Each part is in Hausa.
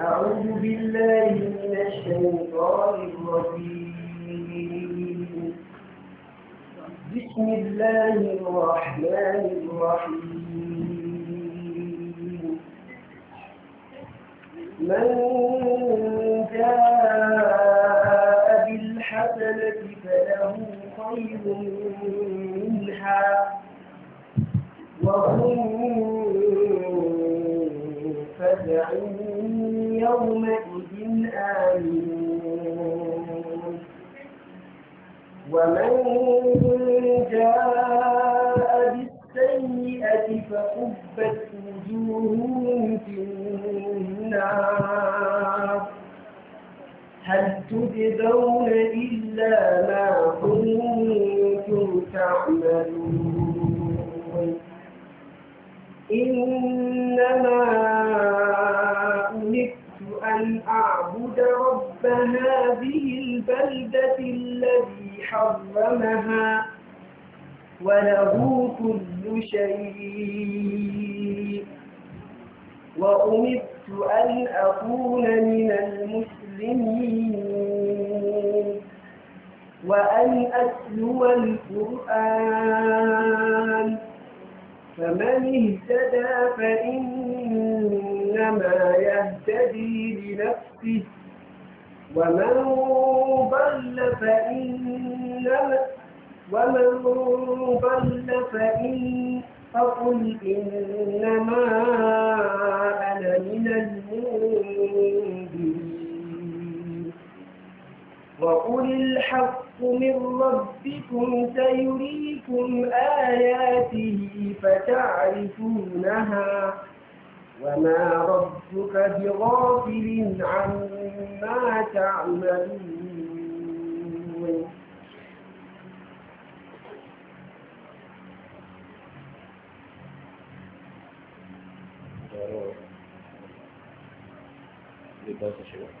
أعوذ بالله من الشيطان الرجيم بسم الله الرحمن الرحيم من جاء بالحسنة فله خير منها وهم متبعون يومئذ آمنون ومن جاء بالسيئة فكبت وجوههم في النار هل تجزون إلا ما كنتم تعملون إنما أمرت أن أعبد رب هذه البلدة الذي حرمها وله كل شيء وأمرت أن أكون من المسلمين وأن أتلو القرآن فمن اهتدى فإنما يهتدي لنفسه ومن ضل فإنما ومن ضل فإن فقل إنما أنا من المنذرين وقل الحق من ربكم سيريكم آياته فتعرفونها وما ربك بغافل عما تعملون Gracias.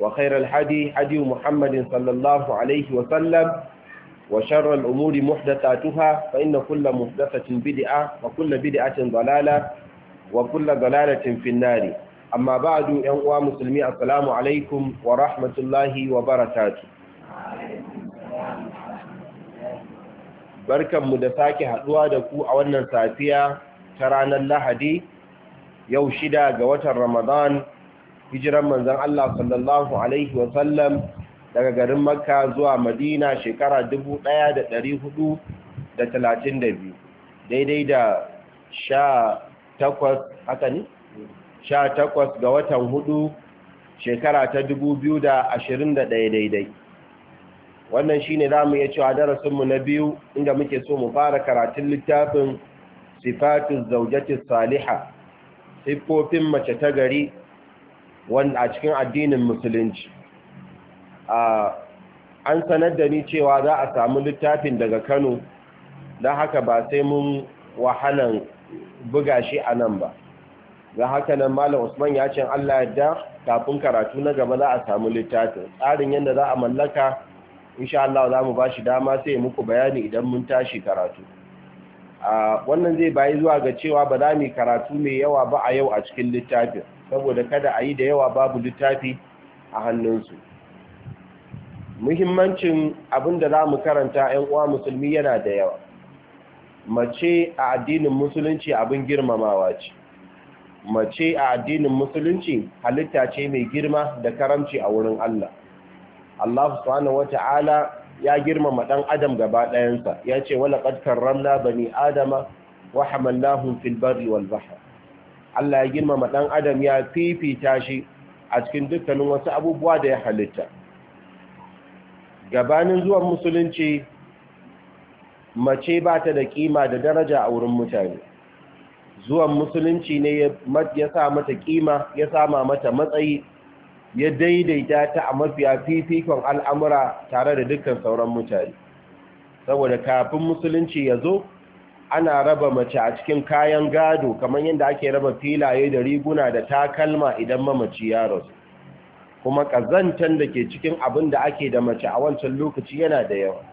وخير الحدي حدي محمد صلى الله عليه وسلم وشر الأمور محدثاتها فإن كل محدثة بدعة وكل بدعة ضلالة وكل ضلالة في النار أما بعد ينقوى مسلمي السلام عليكم ورحمة الله وبركاته barkan mu da sake haduwa da ku a wannan safiya ta ranar lahadi yau shida ga watan ramadan hijiran Manzan Allah sallallahu alaihi wasallam daga garin Makka zuwa Madina shekara 1432 daidai da 18 haka ne 18 ga watan hudu shekara ta 2021 daidai wannan shi za zamu iya cewa darasinmu na biyu inda muke so mu fara karatun littafin sifatun zaujatis saliha siffofin mace ta gari wanda a cikin addinin musulunci an sanar da ni cewa za a samu littafin daga kano don haka ba sai mun wahalan buga shi a nan ba ga haka nan malam usman ya ce allah yadda kafin karatu na gaba za a samu littafin tsarin yadda za a mallaka insha Allah za mu ba shi dama sai muku bayani idan mun tashi karatu wannan zai bayi zuwa ga cewa ba za mu karatu mai yawa ba a yau a cikin littafin saboda kada a yi da yawa babu littafi a hannunsu muhimmancin abin da za mu karanta 'yan uwa musulmi yana da yawa mace a addinin musulunci abin girmamawa ce mace a addinin musulunci halitta ce mai girma da karamci a wurin Allah Allah subhanahu wata'ala ya girmama dan adam gaba ɗayansa ya ce wala qad karramna bani adama wa hamalnahum fil barri wal Allah ya girmama ɗan adam ya fifita shi a cikin dukkanin wasu abubuwa da ya halitta gabanin zuwan musulunci mace ba ta da kima da daraja a wurin mutane zuwan musulunci ne ya sa mata kima ya sama mata matsayi ya daidaita ta a mafiya fifikon al'amura tare da dukkan sauran mutane saboda kafin musulunci ya zo ana raba mace a cikin kayan gado kamar yadda ake raba filaye da riguna da takalma idan mamaci ya rasu kuma ƙazantan da ke cikin abin da ake da mace a wancan lokaci yana da yawa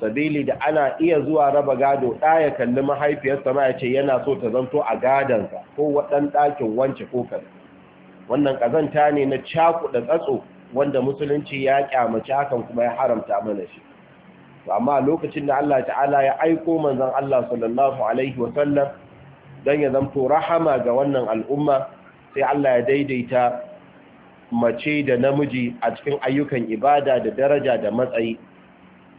sabili da ana iya zuwa raba gado ɗaya kalli mahaifiyarsa ma ya ce yana so ta zanto a gadonsa ko waɗan ɗakin wance ko kaza wannan ƙazanta ne na cakuɗa tsatso wanda musulunci ya ƙyamaci hakan kuma ya haramta mana shi amma lokacin da Allah ta'ala ya aiko manzan Allah sallallahu alaihi Wasallam don dan ya zamto rahama ga wannan al'umma sai Allah ya daidaita mace da namiji a cikin ayyukan ibada da daraja da matsayi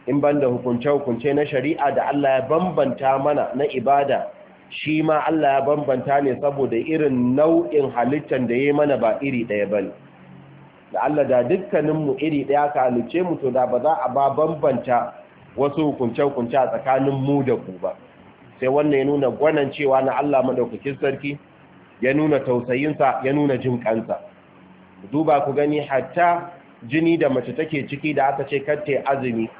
in banda hukunce-hukunce na shari'a da Allah ya bambanta mana na ibada shi ma Allah ya bambanta ne saboda irin nau'in halittar da ya mana ba iri ɗaya ba ne da Allah da dukkaninmu iri ɗaya ka halice mu to da ba za a ba bambanta wasu hukunce-hukunce a tsakanin mu da ku ba sai wannan ya nuna gwanan cewa na Allah madaukakin sarki ya nuna tausayinsa ya nuna jin kansa duba ku gani hatta jini da mace take ciki da aka ce katte azumi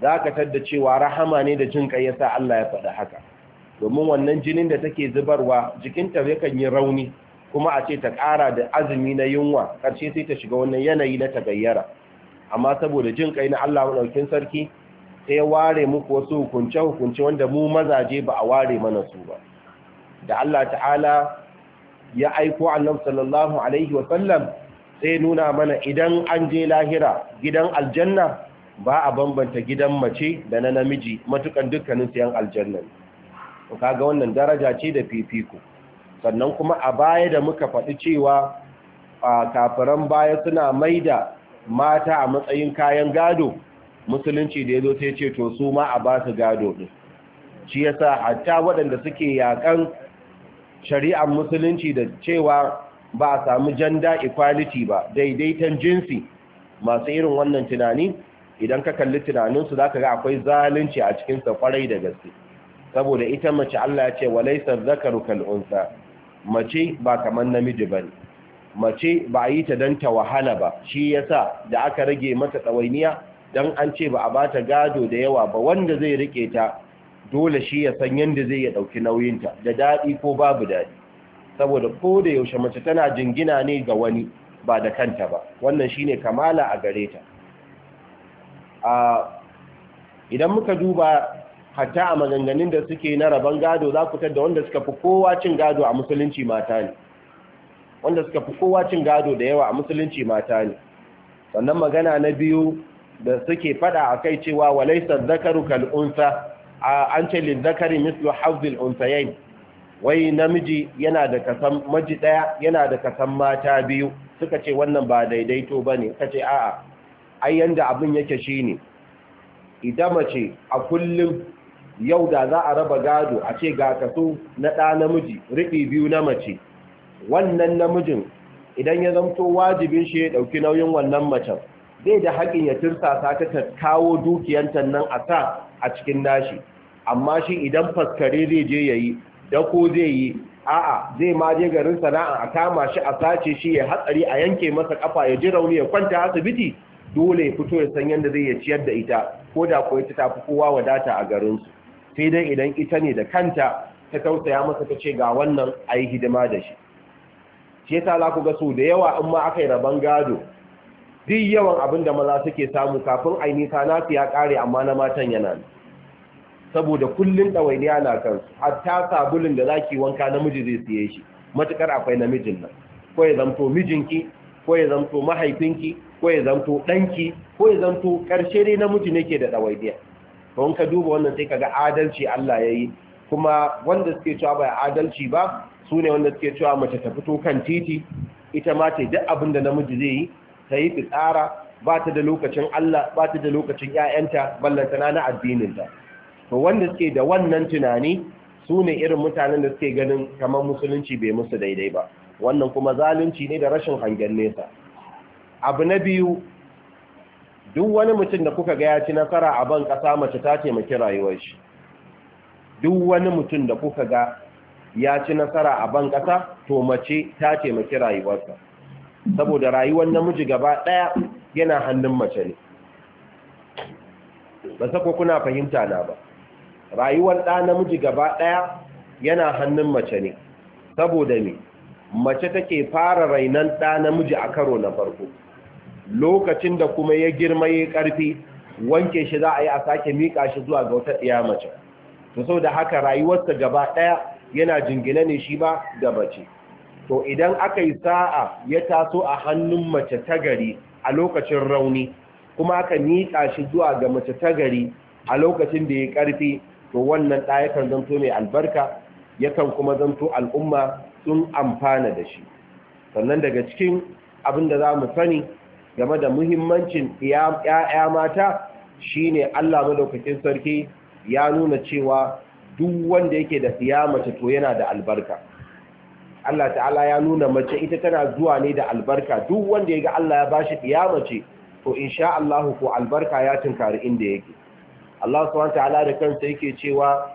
za ka tadda cewa rahama ne da jin kai yasa Allah ya faɗa haka domin wannan jinin da take zubarwa jikinta yakan yi rauni kuma a ce ta ƙara da azumi na yunwa ƙarshe sai ta shiga wannan yanayi na tagayyara amma saboda jin kai na Allah madaukakin sarki sai ya ware muku wasu hukunce-hukunce wanda mu mazaje ba a ware mana su ba da Allah ta'ala ya aiko annabi sallallahu alaihi sallam sai nuna mana idan an je lahira gidan aljanna ba a bambanta gidan mace da na namiji matukan dukkanin siyan aljannan kaga wannan daraja ce da fifiko sannan kuma a baya da muka faɗi cewa kafiran baya suna maida mata a matsayin kayan gado musulunci da ya zo sai ce to su ma a ba su gado ɗin shi yasa hatta waɗanda suke yakan shari'ar musulunci da cewa ba a samu gender equality ba daidaitan jinsi masu irin wannan tunani idan ka kalli tunaninsu za ka ga akwai zalunci a cikinsa kwarai da gaske saboda ita mace Allah ya ce walaisar zakaru kal'unsa mace ba kamar namiji ba mace ba a yi ta don ta wahala ba shi yasa da aka rage mata tsawainiya don an ce ba a ba ta gado da yawa ba wanda zai rike ta dole shi ya san yadda zai ya ɗauki nauyinta da daɗi ko babu daɗi saboda ko da yaushe mace tana jingina ne ga wani ba da kanta ba wannan shine kamala a gare ta idan muka duba hatta a maganganun da suke na rabon gado za ku tada wanda suka fi kowa cin gado a musulunci mata ne wanda suka fi kowa cin gado da yawa a musulunci mata ne sannan magana na biyu da suke fada a kai cewa walaisa zakaru kal'unsa an ce lizakari mislu hafzil unsayain wai namiji yana da kasan maji daya yana da kasan mata biyu suka ce wannan ba daidaito ba ne suka ce a'a ai yanda abin yake shine idan mace a kullum yau da za a raba gado a ce ga kaso na ɗa namiji riɓi biyu na mace wannan namijin idan ya zamto wajibin shi ya ɗauki nauyin wannan macen Zai da haƙin ya tirsasa ta ta kawo dukiyanta nan a sa a cikin nashi amma shi idan faskare zai je ya yi dako zai yi a'a zai ma je garin sana'a a kama shi a sace shi ya hatsari a yanke masa kafa ya ji rauni ya kwanta asibiti dole ya fito ya san yadda zai ya ciyar da ita ko da ko ita tafi kowa wadata a garin su. sai dai idan ita ne da kanta ta tausaya masa ta ce ga wannan a yi hidima da shi shi yasa za ku ga su? da yawa in ma aka yi rabon gado duk yawan abin da maza suke samu kafin aini ta nasu ya kare amma na matan yana saboda kullun ɗawainiya na kansu hatta sabulun da zaki wanka namiji zai siye shi matukar akwai namijin nan ko ya zamto mijinki ko ya zamto mahaifinki ko ya zamto ɗanki ko ya zamto ƙarshe dai namiji nake da ɗawainiya don ka duba wannan sai kaga adalci Allah ya yi kuma wanda suke cewa ba adalci ba su ne wanda suke cewa mace ta fito kan titi ita ma ta duk abin da namiji zai yi ta yi fitsara ba ta da lokacin Allah ba ta da lokacin ‘ya'yanta ballantana na addinin ta. to wanda suke da wannan tunani su ne irin mutanen da suke ganin kamar musulunci bai musu daidai ba wannan kuma zalunci ne da rashin hangen nesa abu na biyu duk wani mutum da kuka ga ya ci nasara a ban ƙasa mace ta taimaki rayuwar shi duk wani mutum da kuka ga ya ci nasara a ban ƙasa to mace ta taimaki rayuwarsa saboda rayuwar namiji gaba ɗaya yana hannun mace ne ba sako kuna fahimta na ba rayuwar ɗa namiji gaba ɗaya yana hannun mace ne saboda ne mace take fara rainan ɗa namiji a karo na farko lokacin da kuma ya girma ya ƙarfi wanke shi za a yi a sake miƙa shi zuwa ga wata ɗiya mace to sau da haka rayuwarsa gaba ɗaya yana jingina ne shi ba da mace to idan aka yi sa'a ya taso a hannun mace tagari a lokacin rauni kuma aka miƙa shi zuwa ga mace tagari a lokacin da ya ƙarfi to wannan ɗa yakan zanto mai albarka yakan kuma zanto al'umma sun amfana da shi sannan daga cikin abin da za mu sani game da muhimmancin ‘ya'ya mata shine Allah madaukakin sarki ya nuna cewa duk wanda yake da siya mace to yana da albarka Allah ta'ala ya nuna mace ita tana zuwa ne da albarka duk wanda ya ga Allah ya bashi ɗiya mace to sha Allah ko albarka ya tunkari inda yake Allah subhanahu ta'ala da kansa yake cewa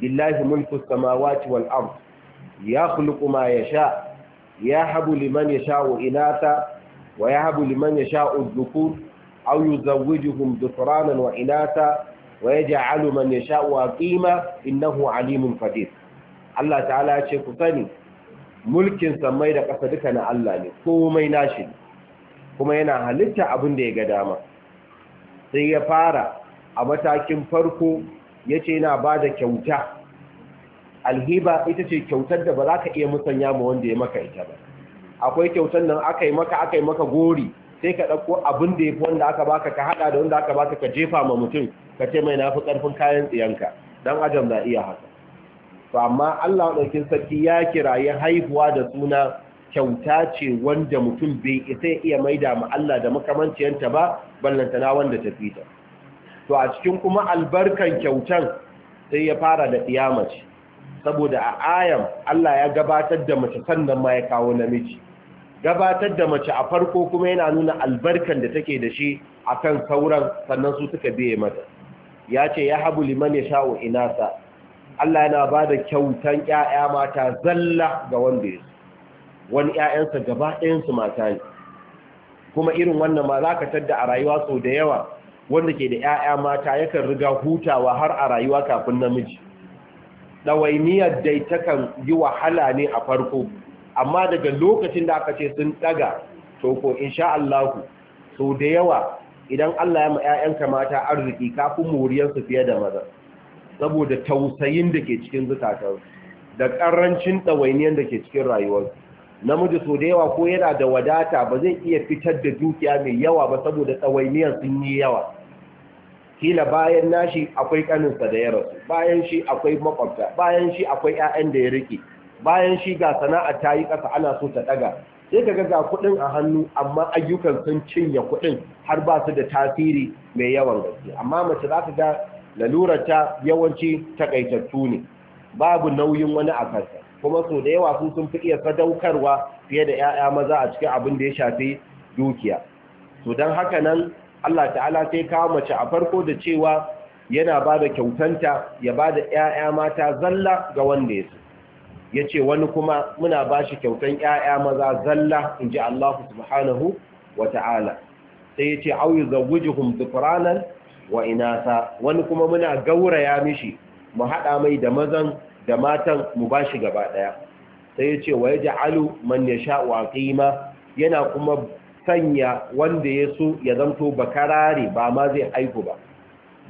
lillahi mulku samawati wal ard ya khluqu ma yasha yahabu liman yasha'u inatha wa yahabu liman yasha'u dhukur aw yuzawwijuhum dhukranan wa inatha wa yaj'alu man wa aqima innahu alimun qadir Allah ta'ala ya ce ku sani mulkin samai da ƙasa duka na Allah ne komai nashi kuma yana halitta abin da ya ga dama sai ya fara a matakin farko ya ce yana ba da kyauta alhiba ita ce kyautar da ba za ka iya musanya ma wanda ya maka ita ba akwai kyautar nan aka yi maka aka yi maka gori sai ka ɗauko abin da ya fi wanda aka baka ka haɗa da wanda aka baka ka jefa ma mutum ka ce mai na fi ƙarfin kayan tsiyanka don ajam na iya haka to amma Allah ɗaukin sarki ya kirayi haihuwa da suna kyauta ce wanda mutum bai isa ya iya maida ma Allah da makamanciyanta ba na wanda ta fita to a cikin kuma albarkan kyautan sai ya fara da ce, saboda a ayan Allah ya gabatar da mace sannan ma ya kawo namiji gabatar da mace a farko kuma yana nuna albarkan da take da shi akan sauran sannan su suka biye mata ya ce ya habu liman ya sha'u inasa Allah yana ba da kyautan 'ya'ya mata zalla ga wanda ya wani ƴaƴansa gaba ɗayansu mata ne kuma irin wannan ma za ka tadda a rayuwa sau da yawa wanda ke da ‘ya'ya mata yakan riga hutawa har a rayuwa kafin namiji. Ɗawainiyar dai takan yi wahala ne a farko, amma daga lokacin da aka ce sun ɗaga, to ko insha Allahu, sau da yawa idan Allah ya ma ‘ya'yanka mata arziki kafin moriyarsu fiye da maza. saboda tausayin da ke cikin zukatar da ƙarancin ɗawainiyar da ke cikin rayuwar namiji so da yawa ko yana da wadata ba zai iya fitar da dukiya mai yawa ba saboda ɗawainiyar sun yi yawa kila bayan nashi akwai ƙaninsa da ya rasu bayan shi akwai makwabta bayan shi akwai 'ya'yan da ya rike bayan shi ga sana'a ta yi ƙasa ana so ta ɗaga sai ka ga ga kuɗin a hannu amma ayyukan sun cinye kuɗin har ba su da tasiri mai yawan gaske amma mace za ta ga ta yawanci takaitattu ne babu nauyin wani a kansa kuma sau da yawa sun sun fi iya sadaukarwa fiye da 'ya'ya maza a cikin abin da ya shafi dukiya to don haka nan Allah ta'ala sai kawo mace a farko da cewa yana ba da kyautanta ya ba da 'ya'ya mata zalla ga wanda ya ya ce wani kuma muna ba shi kyautan 'ya'ya maza zalla in ji Allah subhanahu wa ta'ala sai ya ce auyi zawujuhum zufranan wa inasa wani kuma muna gauraya mishi mu haɗa mai da mazan da matan mu ba shi gaba ɗaya sai ya ce wa ya ja'alu man ya sha wa ƙima yana kuma sanya wanda ya so ya zamto bakarare ba ma zai aiku ba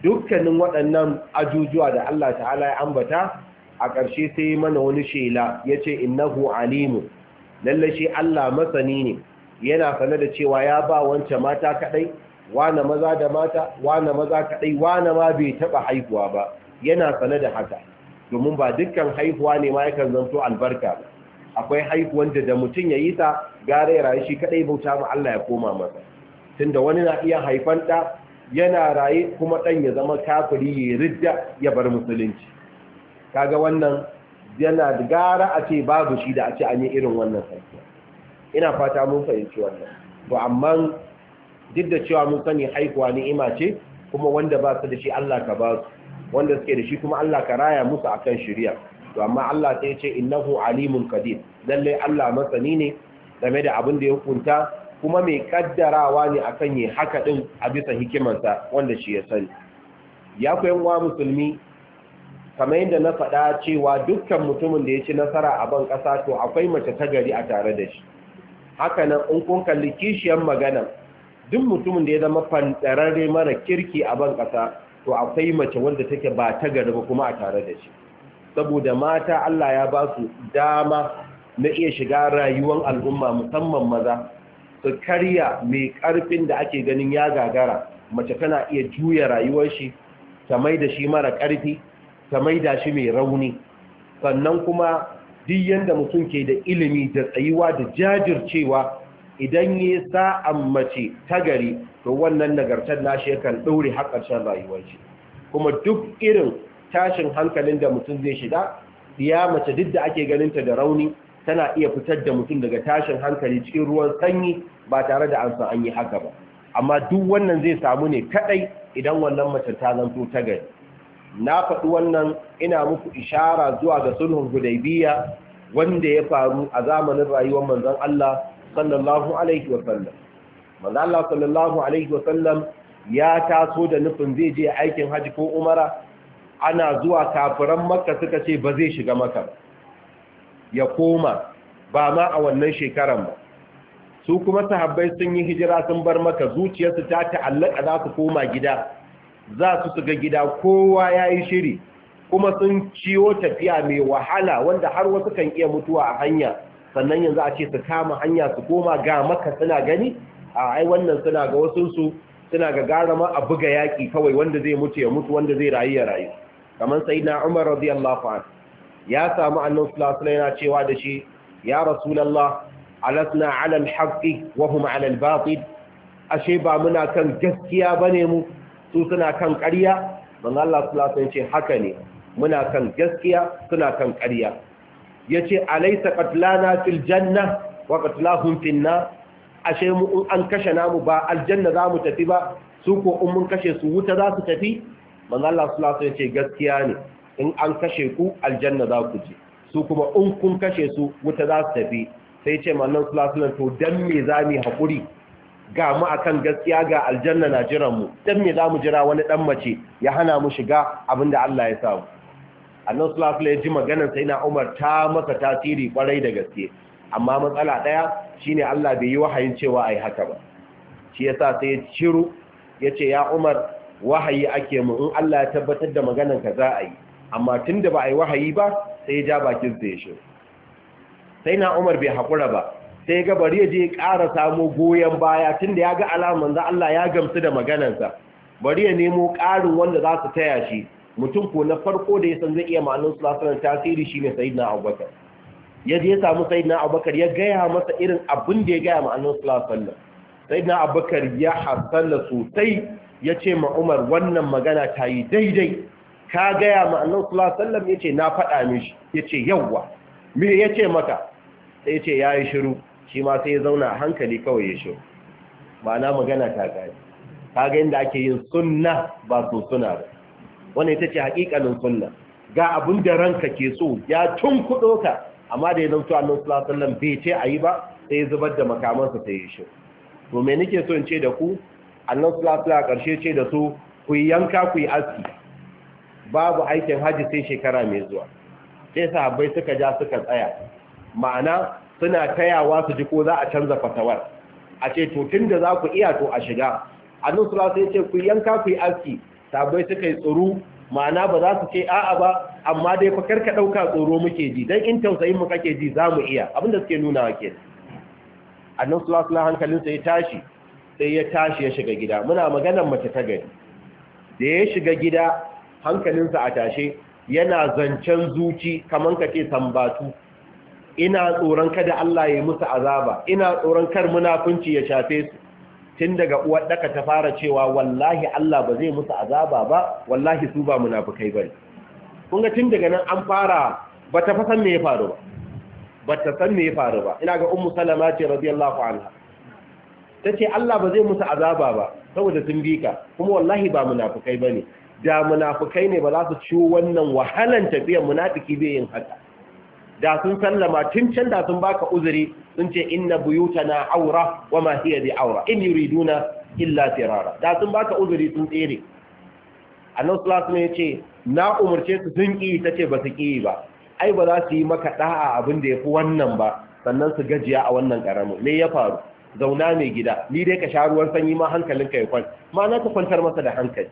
dukkanin waɗannan ajujuwa da Allah ta'ala ya ambata a ƙarshe sai mana wani shela ya ce innahu alimu lalle shi Allah masani ne yana sanar da cewa ya ba wancan mata kaɗai wane maza da mata wane maza kadai wane ma bai taba haihuwa ba yana sane da haka domin ba dukkan haihuwa ne ma yakan zanto albarka akwai haihuwan da da mutum ya yi ta gare ya rayu shi kadai bauta ma Allah ya koma masa tunda wani na iya haifan da yana raye kuma dan ya zama kafiri ya ridda ya bar musulunci kaga wannan yana da gara a ce babu shi da a ce an yi irin wannan sarki ina fata mun fahimci wannan to amma duk da cewa mun sani haihuwa ni'ima ce kuma wanda ba su da shi Allah ka ba su wanda suke da shi kuma Allah ka raya musu akan shari'a to amma Allah sai ya ce innahu alimun qadir lalle Allah masani ne game da abin da ya hukunta kuma mai kaddarawa ne akan yi haka din a bisa hikimarsa wanda shi ya sani ya ku yan musulmi kamar yadda na faɗa cewa dukkan mutumin da ya ci nasara a ban ƙasa to akwai mace ta gari a tare da shi haka nan in kun kalli kishiyar magana duk mutumin da ya zama fantararre mara kirki a ban ƙasa to akwai mace wanda take ba ta gari ba kuma a tare da shi saboda mata Allah ya ba su dama na iya shiga rayuwar al'umma musamman maza su karya mai ƙarfin da ake ganin ya gagara mace tana iya juya rayuwar shi ta mai da shi mara ƙarfi ta mai da shi mai rauni sannan kuma duk yanda mutum ke da ilimi da tsayuwa da jajircewa idan yi sa'an mace ta gari to wannan nagartar nashi yakan ɗaure har rayuwar shi kuma duk irin tashin hankalin da mutum zai shiga ya mace duk da ake ganinta da rauni tana iya fitar da mutum daga tashin hankali cikin ruwan sanyi ba tare da an an yi haka ba amma duk wannan zai samu ne kadai idan wannan mace ta zanto ta gari na faɗi wannan ina muku ishara zuwa ga sulhun hudaybiya wanda ya faru a zamanin rayuwar manzon Allah sallallahu alaihi wa manzo Allah sallallahu alaihi wa sallam ya taso da nufin zai je aikin haji ko umara ana zuwa kafiran makka suka ce ba zai shiga makka ya koma ba ma a wannan shekaran ba su kuma sahabbai sun yi hijira sun bar maka zuciyarsu ta ta'allaka za su koma gida za su shiga gida kowa ya yi shiri kuma sun ciwo tafiya mai wahala wanda har wasu kan iya mutuwa a hanya sannan yanzu a ce su kama hanya su koma ga maka suna gani a ai wannan suna ga wasunsu suna ga gara a buga yaƙi kawai wanda zai mutu ya mutu wanda zai rayu ya rayu kamar sai na umar radiyallahu an ya samu annan sulasula yana cewa da shi ya rasulallah alasna alal haqqi wa hum alal batil ashe ba muna kan gaskiya ne mu su suna kan ƙarya manzo Allah sulasula ce haka ne muna kan gaskiya suna kan ƙarya yace alaisa qatlana fil janna wa qatlahum finna nar ashe mu in an kashe namu ba aljanna za mu tafi ba su ko in mun kashe su wuta za su tafi manzo Allah sallallahu alaihi wasallam gaskiya ne in an kashe ku aljanna za ku je su kuma in kun kashe su wuta za su tafi sai ce manzo sallallahu alaihi wasallam to dan me za mu hakuri ga mu akan gaskiya ga aljanna na jiran mu dan me za mu jira wani dan mace ya hana mu shiga abinda Allah ya samu annan sulafila ya ji maganar sai na umar ta masa tasiri kwarai da gaske amma matsala ɗaya shine allah bai yi wahayin cewa a haka ba shi yasa sai ya ciro ya ce ya umar wahayi ake mu in allah ya tabbatar da maganar ka za a yi amma tun da ba a yi wahayi ba sai ya ja bakin ya shi sai na umar bai haƙura ba sai ga bari ya je ƙara samu goyon baya tun da ya ga alaman za allah ya gamsu da maganarsa bari ya nemo ƙarin wanda za su taya shi mutum ko na farko da ya san zai iya ma'anin sulasulan tasiri shi ne sayidina abubakar ya je ya samu sayidina abubakar ya gaya masa irin abin da ya gaya ma'anin sulasulan sayidina abubakar ya hasala sosai ya ce ma wannan magana ta yi daidai ka gaya ma'anin sulasulan ya ce na faɗa mishi ya ce yawwa me ya ce maka sai ce ya yi shiru shi ma sai ya zauna hankali kawai ya shiru ma'ana magana ta gani ka ga inda ake yin sunna ba su suna ba wannan ita ce haƙiƙanin sunna ga abin da ranka ke so ya tun kuɗo ka amma da ya zanto annan sulasulan bai ce a yi ba sai ya zubar da makamansa sai ya shi to me nake so in ce da ku annan sulasula a ƙarshe ce da su ku yi yanka ku yi aski babu aikin hajji sai shekara mai zuwa sai sahabbai suka ja suka tsaya ma'ana suna tayawa su ji ko za a canza fatawar a ce to tun da za ku iya to a shiga annan sulasula ya ce ku yanka ku yi aski sabai suka yi tsoro ma'ana ba za su ce a'a ba amma dai fa karka dauka tsoro muke ji dan in tausayin mu kake ji za mu iya abinda suke nuna wa kenan annabi sallallahu alaihi hankalin sa ya tashi sai ya tashi ya shiga gida muna maganar mace ta gari da ya shiga gida hankalinsa a tashe yana zancen zuci kaman kace tambatu. ina tsoron kada Allah ya musu azaba ina tsoron kar munafunci ya shafe su tun daga uwar daka ta fara cewa wallahi Allah ba zai musu azaba ba wallahi su ba munafukai bane kun ga tun daga nan an fara ba ta fasan me ya faru ba ba ta san me ya faru ba ina ga ummu salama ce radiyallahu anha tace Allah ba zai musu azaba ba saboda sun bi ka kuma wallahi ba munafukai bane da munafukai ne ba za su ciwo wannan wahalan tafiyar munafiki bai yin haka da sun sallama tun can da sun baka uzuri sun ce inna na aura wa ma hiya bi aura in yuriduna illa firara da sun baka uzuri sun tsere annabi sallallahu alaihi wasallam yace na umarce su sun ki tace ba su ki ba ai ba za su yi maka da'a abin da yafi wannan ba sannan su gajiya a wannan karamin me ya faru zauna mai gida ni dai ka sha ruwan sanyi ma hankalin ka ya kwan ma na ka kwantar masa da hankali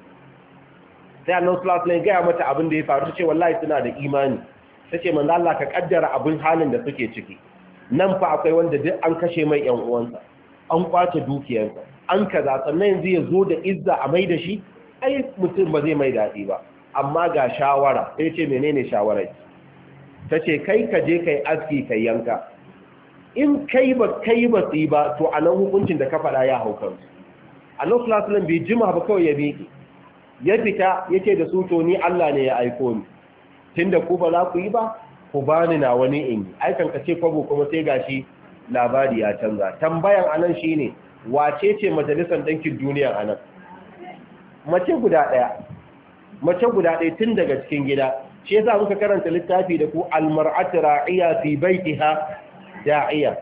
sai annabi sallallahu alaihi wasallam ya mata abin da ya faru tace wallahi suna da imani tace manzo Allah ka kaddara abin halin da suke ciki nan fa akwai wanda duk an kashe mai yan uwansa an kwace dukiyarsa an kaza sannan yanzu ya zo da izza a mai da shi ai mutum ba zai mai daɗi ba amma ga shawara sai ce menene shawarar ta ce kai ka je kai aski kai yanka in kai ba kai ba tsi ba to a nan hukuncin da ka faɗa ya hau kansu a nan sulasulan bai jima ba kawai ya miƙe ya fita yake da su to ni allah ne ya aiko ni tun da ku ba za ku yi ba ku bani na wani in yi ai kan kace kwabo kuma sai gashi labari ya canza tambayan anan shine wace ce majalisar ɗinkin duniya anan mace guda ɗaya mace guda daya tun daga cikin gida shi yasa muka karanta littafi da ku almar'atu ra'iya fi baitiha da'iya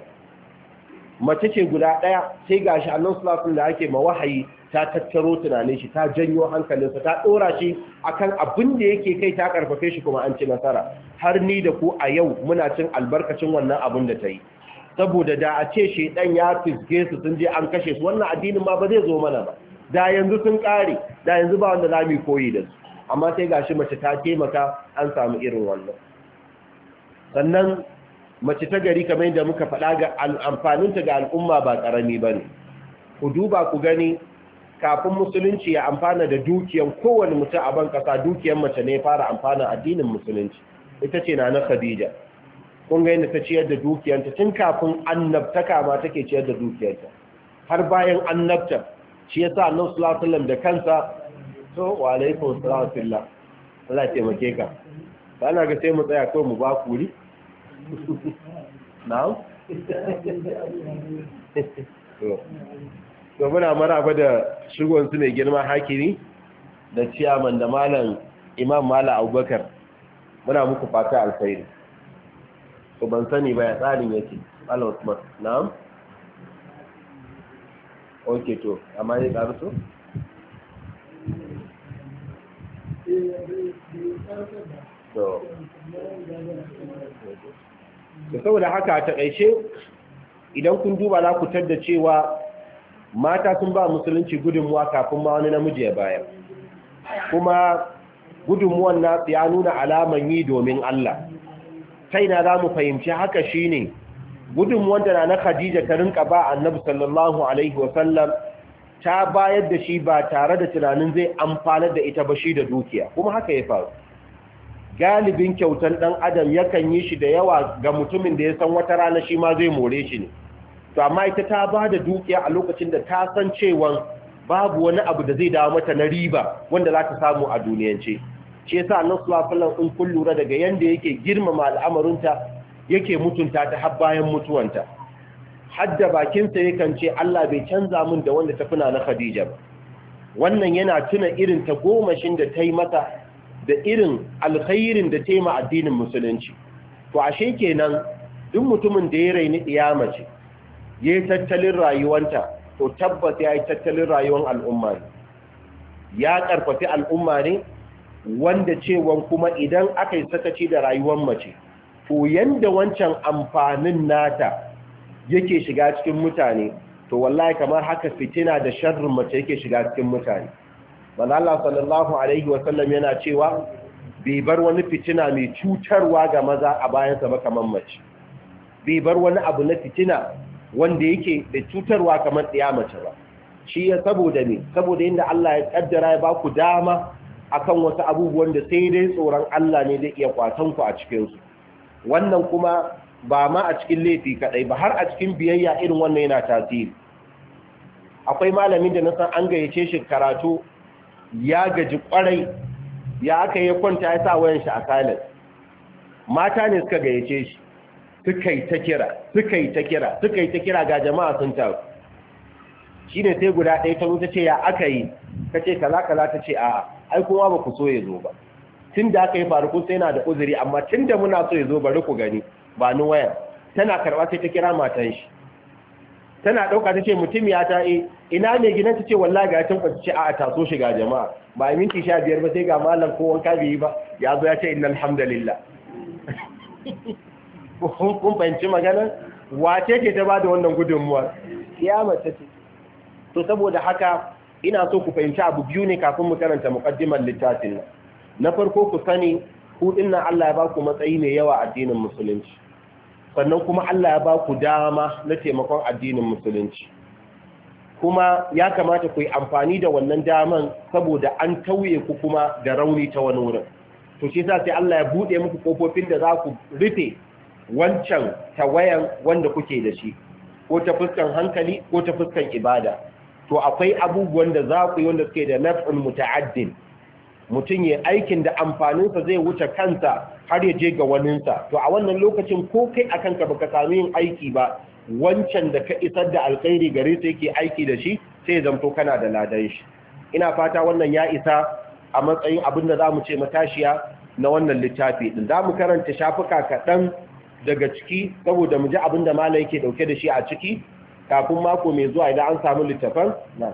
mace ce guda ɗaya sai gashi Allah sallallahu alaihi da ake ma wahayi ta tattaro tunanin shi ta janyo hankalinsa ta ɗora shi akan abin da yake kai ta karfafe shi kuma an ci nasara har ni da ku a yau muna cin albarkacin wannan abin da ta yi saboda da a ce shi dan ya fisge su sun je an kashe su wannan addinin ma ba zai zo mana ba da yanzu sun kare da yanzu ba wanda zamu koyi da su amma sai gashi mace ta taimaka an samu irin wannan sannan mace ta gari kamar yadda muka faɗa ga amfaninta ga al'umma ba ƙarami ba ne ku duba ku gani kafin musulunci ya amfana da dukiyar kowane mutum a ban kasa dukiyar mace ne fara amfana addinin musulunci ita ce na na khadija kun ga yadda ta ciyar da dukiyarta tun kafin annabtaka ma take ciyar da dukiyarta har bayan annabta shi yasa annabi sallallahu alaihi da kansa to wa alaikum assalam Allah ya taimake ka ana ga sai mu tsaya ko mu ba kuri Na to muna maraba da shigon su mai girma hakimi da ciyaman da malam imam malam abubakar muna muku fata alfairi to ban sani ba ya tsarin yake malam usman na'am ok to amma ya ƙaru so da saboda haka a taƙaice idan kun duba na ku da cewa mata sun ba musulunci gudunmuwa kafin ma wani namiji ya bayar kuma gudunmuwan na ya nuna alaman yi domin Allah Sai na za mu fahimci haka shi ne. gudunmuwan da na khadija ta rinka ba annabi sallallahu alaihi wasallam ta bayar da shi ba tare da tunanin zai amfanar da ita ba shi da dukiya kuma haka ya faru galibin kyautan ɗan adam yakan yi shi da yawa ga mutumin da ya san wata rana shi ma zai more shi ne to amma ita ta ba da dukiya a lokacin da ta san cewa babu wani abu da zai dawo mata na riba wanda za ta samu a duniyance shi yasa annabi sallallahu alaihi wasallam kun lura daga yanda yake girmama al'amarinta yake mutunta ta har bayan mutuwanta hadda bakinsa yakan ce Allah bai canza min da wanda ta fina na Khadija ba wannan yana tuna irin ta goma shin da ta mata da irin alkhairin da ta ma addinin musulunci to ashe kenan duk mutumin da ya raini iyama ce ya yi tattalin rayuwanta to tabbas ya yi tattalin rayuwar al'umma ne ya ƙarfafi al'umma ne wanda cewa kuma idan aka yi sakaci da rayuwar mace to yanda wancan amfanin nata yake shiga cikin mutane to wallahi kamar haka fitina da sharrin mace yake shiga cikin mutane manzo Allah sallallahu alaihi wasallam yana cewa bai bar wani fitina mai cutarwa ga maza a bayansa ba kamar mace bai bar wani abu na fitina wanda yake da cutarwa kamar mace ba shi ya saboda ne saboda inda Allah ya kaddara ya ba ku dama akan wasu abubuwan da sai dai tsoron Allah ne da iya kwatan ku a cikinsu. wannan kuma ba ma a cikin laifi kadai ba har a cikin biyayya irin wannan yana tasiri akwai malamin da na san an gayyace shi karatu ya gaji kwarai ya aka yi kwanta ya sa wayan shi a silent mata ne suka gayyace shi suka yi ta kira suka yi ta kira suka yi ta kira ga jama'a sun taru shi ne sai guda ɗaya ta wuta ce ya aka yi ka ce kala-kala ta ce a'a ai kowa ba ku so ya zo ba tun da aka yi faru sai na da uzuri amma tun da muna so ya zo bari ku gani ba ni waya tana karɓa sai ta kira matan shi tana ɗauka ta ce mutum ya ta yi eh, ina mai gidan ta ce wallahi ga can ce a'a ta so ga jama'a ba a minti sha biyar ba sai ga malam ko wanka bai ba ya zo ya ce innal alhamdulillah. kun fahimci magana? wace ce ta ba da wannan gudunmuwa kiyama ta ce to saboda haka ina so ku fahimci abu biyu ne kafin mu karanta muqaddimar littafin nan na farko ku sani ku dinnan Allah ya ba ku matsayi mai yawa a addinin musulunci sannan kuma Allah ya ba ku dama na taimakon addinin musulunci kuma ya kamata ku yi amfani da wannan daman saboda an tauye ku kuma da rauni ta wani wurin to shi yasa sai Allah ya bude muku kofofin da za ku rufe wancan tawayan wanda kuke da shi ko ta fuskan hankali ko ta fuskan ibada to akwai abubuwan da za ku yi wanda suke da naf'ul muta'addin mutum ya aikin da amfaninsa zai wuce kansa har ya je ga waninsa to a wannan lokacin ko kai a kanka baka samu yin aiki ba wancan da ka isar da alkhairi gare su yake aiki da shi sai ya zamto kana da ladan shi ina fata wannan ya isa a matsayin abin da za ce matashiya na wannan littafi din za mu karanta shafuka kaɗan daga ciki saboda mu ji abinda malai yake dauke da shi a ciki kafin mako mai zuwa idan an samu littafan na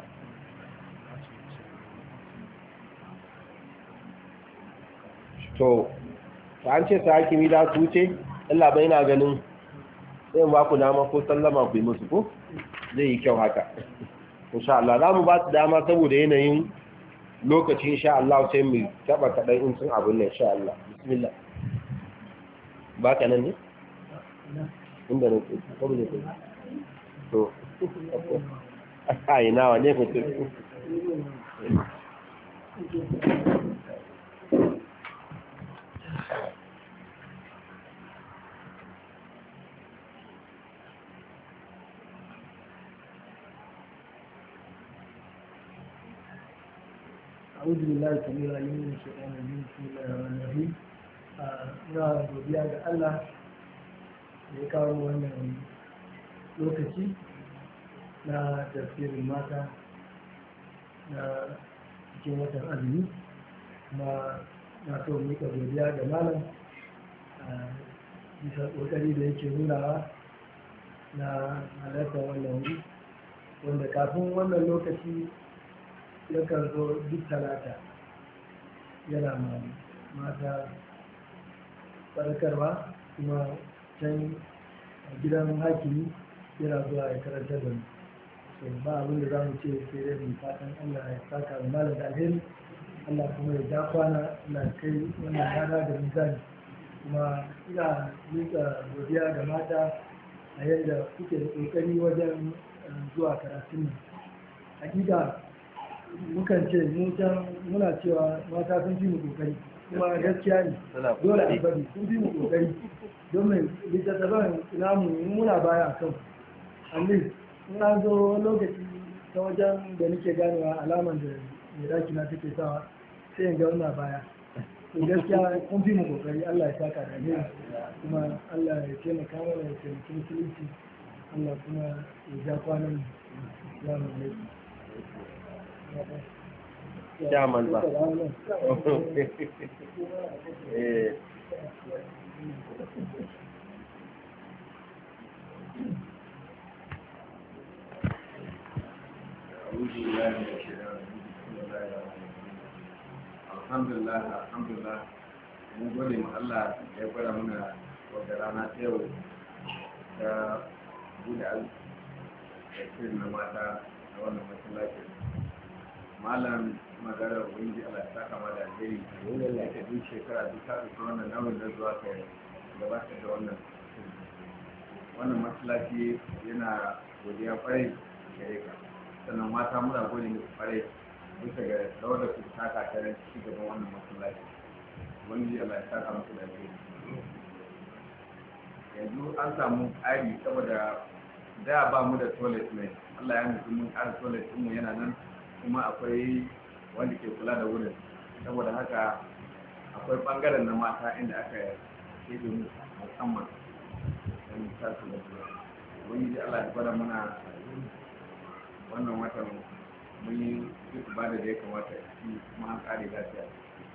to ta an ce hakimi da su wuce illa bai na ganin sai ba ku dama ko sallama ku yi musu ko zai yi kyau haka insha Allah za mu ba su dama saboda yanayin lokaci sha Allah sai mu taba kaɗan in sun abin nan insha Allah bismillah ba ka nan ne inda na ke saboda ke to a ina wa ne fitu أعوذ بالله السميع العليم من الشيطان الرجيم بسم الله الرحمن الرحيم. نعم، godiya ga Allah ya kawo wannan lokaci na tafsirin mata na cikin watan azumi kuma na so mika godiya da malam a bisa kokari da yake nunawa na halarta wannan wuri wanda kafin wannan lokaci yakan zo duk talata yana mata farkarwa kuma can gidan hakimi yana zuwa ya karantar da mu so ba abin da za mu ce sai dai mu fatan Allah ya saka da malam da alheri Allah kuma ya ja kwana na kai wannan rana da mizani kuma ina miƙa godiya ga mata a yadda kuke da wajen eh, zuwa karatun nan hakika mukan ce muna cewa mata sun fi mu ƙoƙari kuma gaskiya ne dole a bari sun fi mu kokari domin mai littattafan namu muna baya kan amin in an zo lokaci ta wajen da nake ganewa alaman da mai daki na take sawa sai in ga wannan baya gaskiya kun fi mu kokari Allah ya saka da ne kuma Allah ya taimaka mana ya taimaki musulunci Allah kuma ya ja kwanan mu. Assalamu alaikum. daman ba alhamdulillah alhamdulillah mun gode ma Allah ya gwada mana wadda rana ta yau ta da alƙasirin na mata a wannan masallacin malam magana wani da Allah ta kama da alheri wani da yake duk shekara duk ta ɗauki wannan nauyin da zuwa ka gabatar da wannan wannan yana godiya kwarai gare ka sannan mata muna gode muku kwarai bisa ga da kuka taka ta ci gaban wannan wani da Allah ta kama da alheri yanzu an samu ƙari saboda da ba mu da toilet mai Allah ya nufi mun ƙara toilet mu yana nan kuma akwai wanda ke kula da wurin saboda haka akwai bangaren na mata inda aka yi domin musamman don sarki da su wani ji Allah ya gwada mana wannan watan mun yi duk ba da ya kamata shi kuma an kare lafiya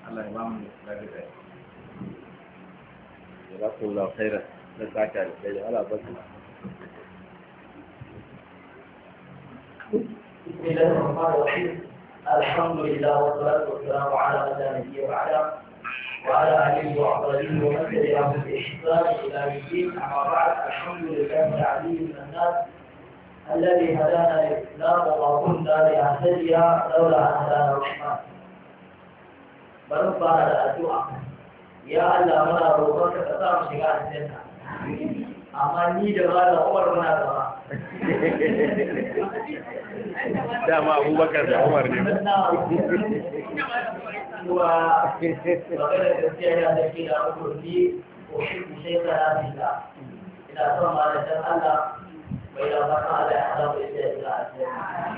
Allah ya ba mu lafiya ya ba ku lafiya na saka da kai Allah ba ku بسم الله الرحمن الرحيم الحمد لله والصلاة والسلام على من لا وعلى وعلى آله وأصحابه ومن تبعهم بإحسان إلى الدين أما بعد الحمد لله العلي من الناس الذي هدانا للإسلام وما كنا لنهتدي لولا أن هدانا الرحمن بل لا الدعاء يا الله منا روحك تسامح شيئا الجنة أما ني دغالا عمر منا دغالا ما ابو بكر عمر نعم وأحب شيخ هذه الله إذا صلى على الله وإلى بقى على أحضر الإسلام إلى أسلام.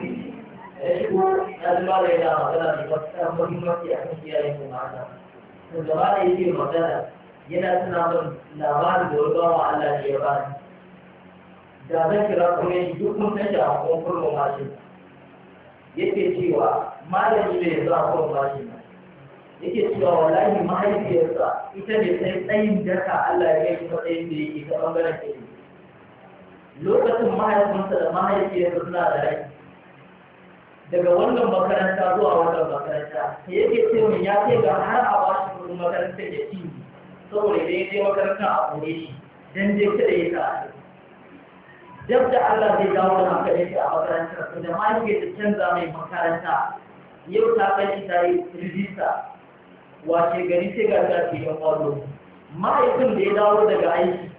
أشكو هذا المرة إلى مرة في وقتها مهمة في أحمد الله da zan kira kuma yi duk mun san a kuma kurma mashi yake cewa malami bai za a kurma mashi yake cewa wallahi mahaifiyarsa ita ne sai tsayin daka Allah ya yi matsayin da yake ta ɓangaren ilimi lokacin mahaifinsa da mahaifiyarsa suna da rai daga wannan makaranta zuwa wannan makaranta yake ce min ya ce ga har a bashi shi kuɗin makarantar ya ci saboda idan ya je makaranta a kore shi dan dai kada ya sa duk da Allah zai dawo da hankali a makarantar to da mahaifiyar da canza mai makaranta yau ta kai ta yi rijista wace gari sai ga ta ke yan kwallo mahaifin da ya dawo daga aiki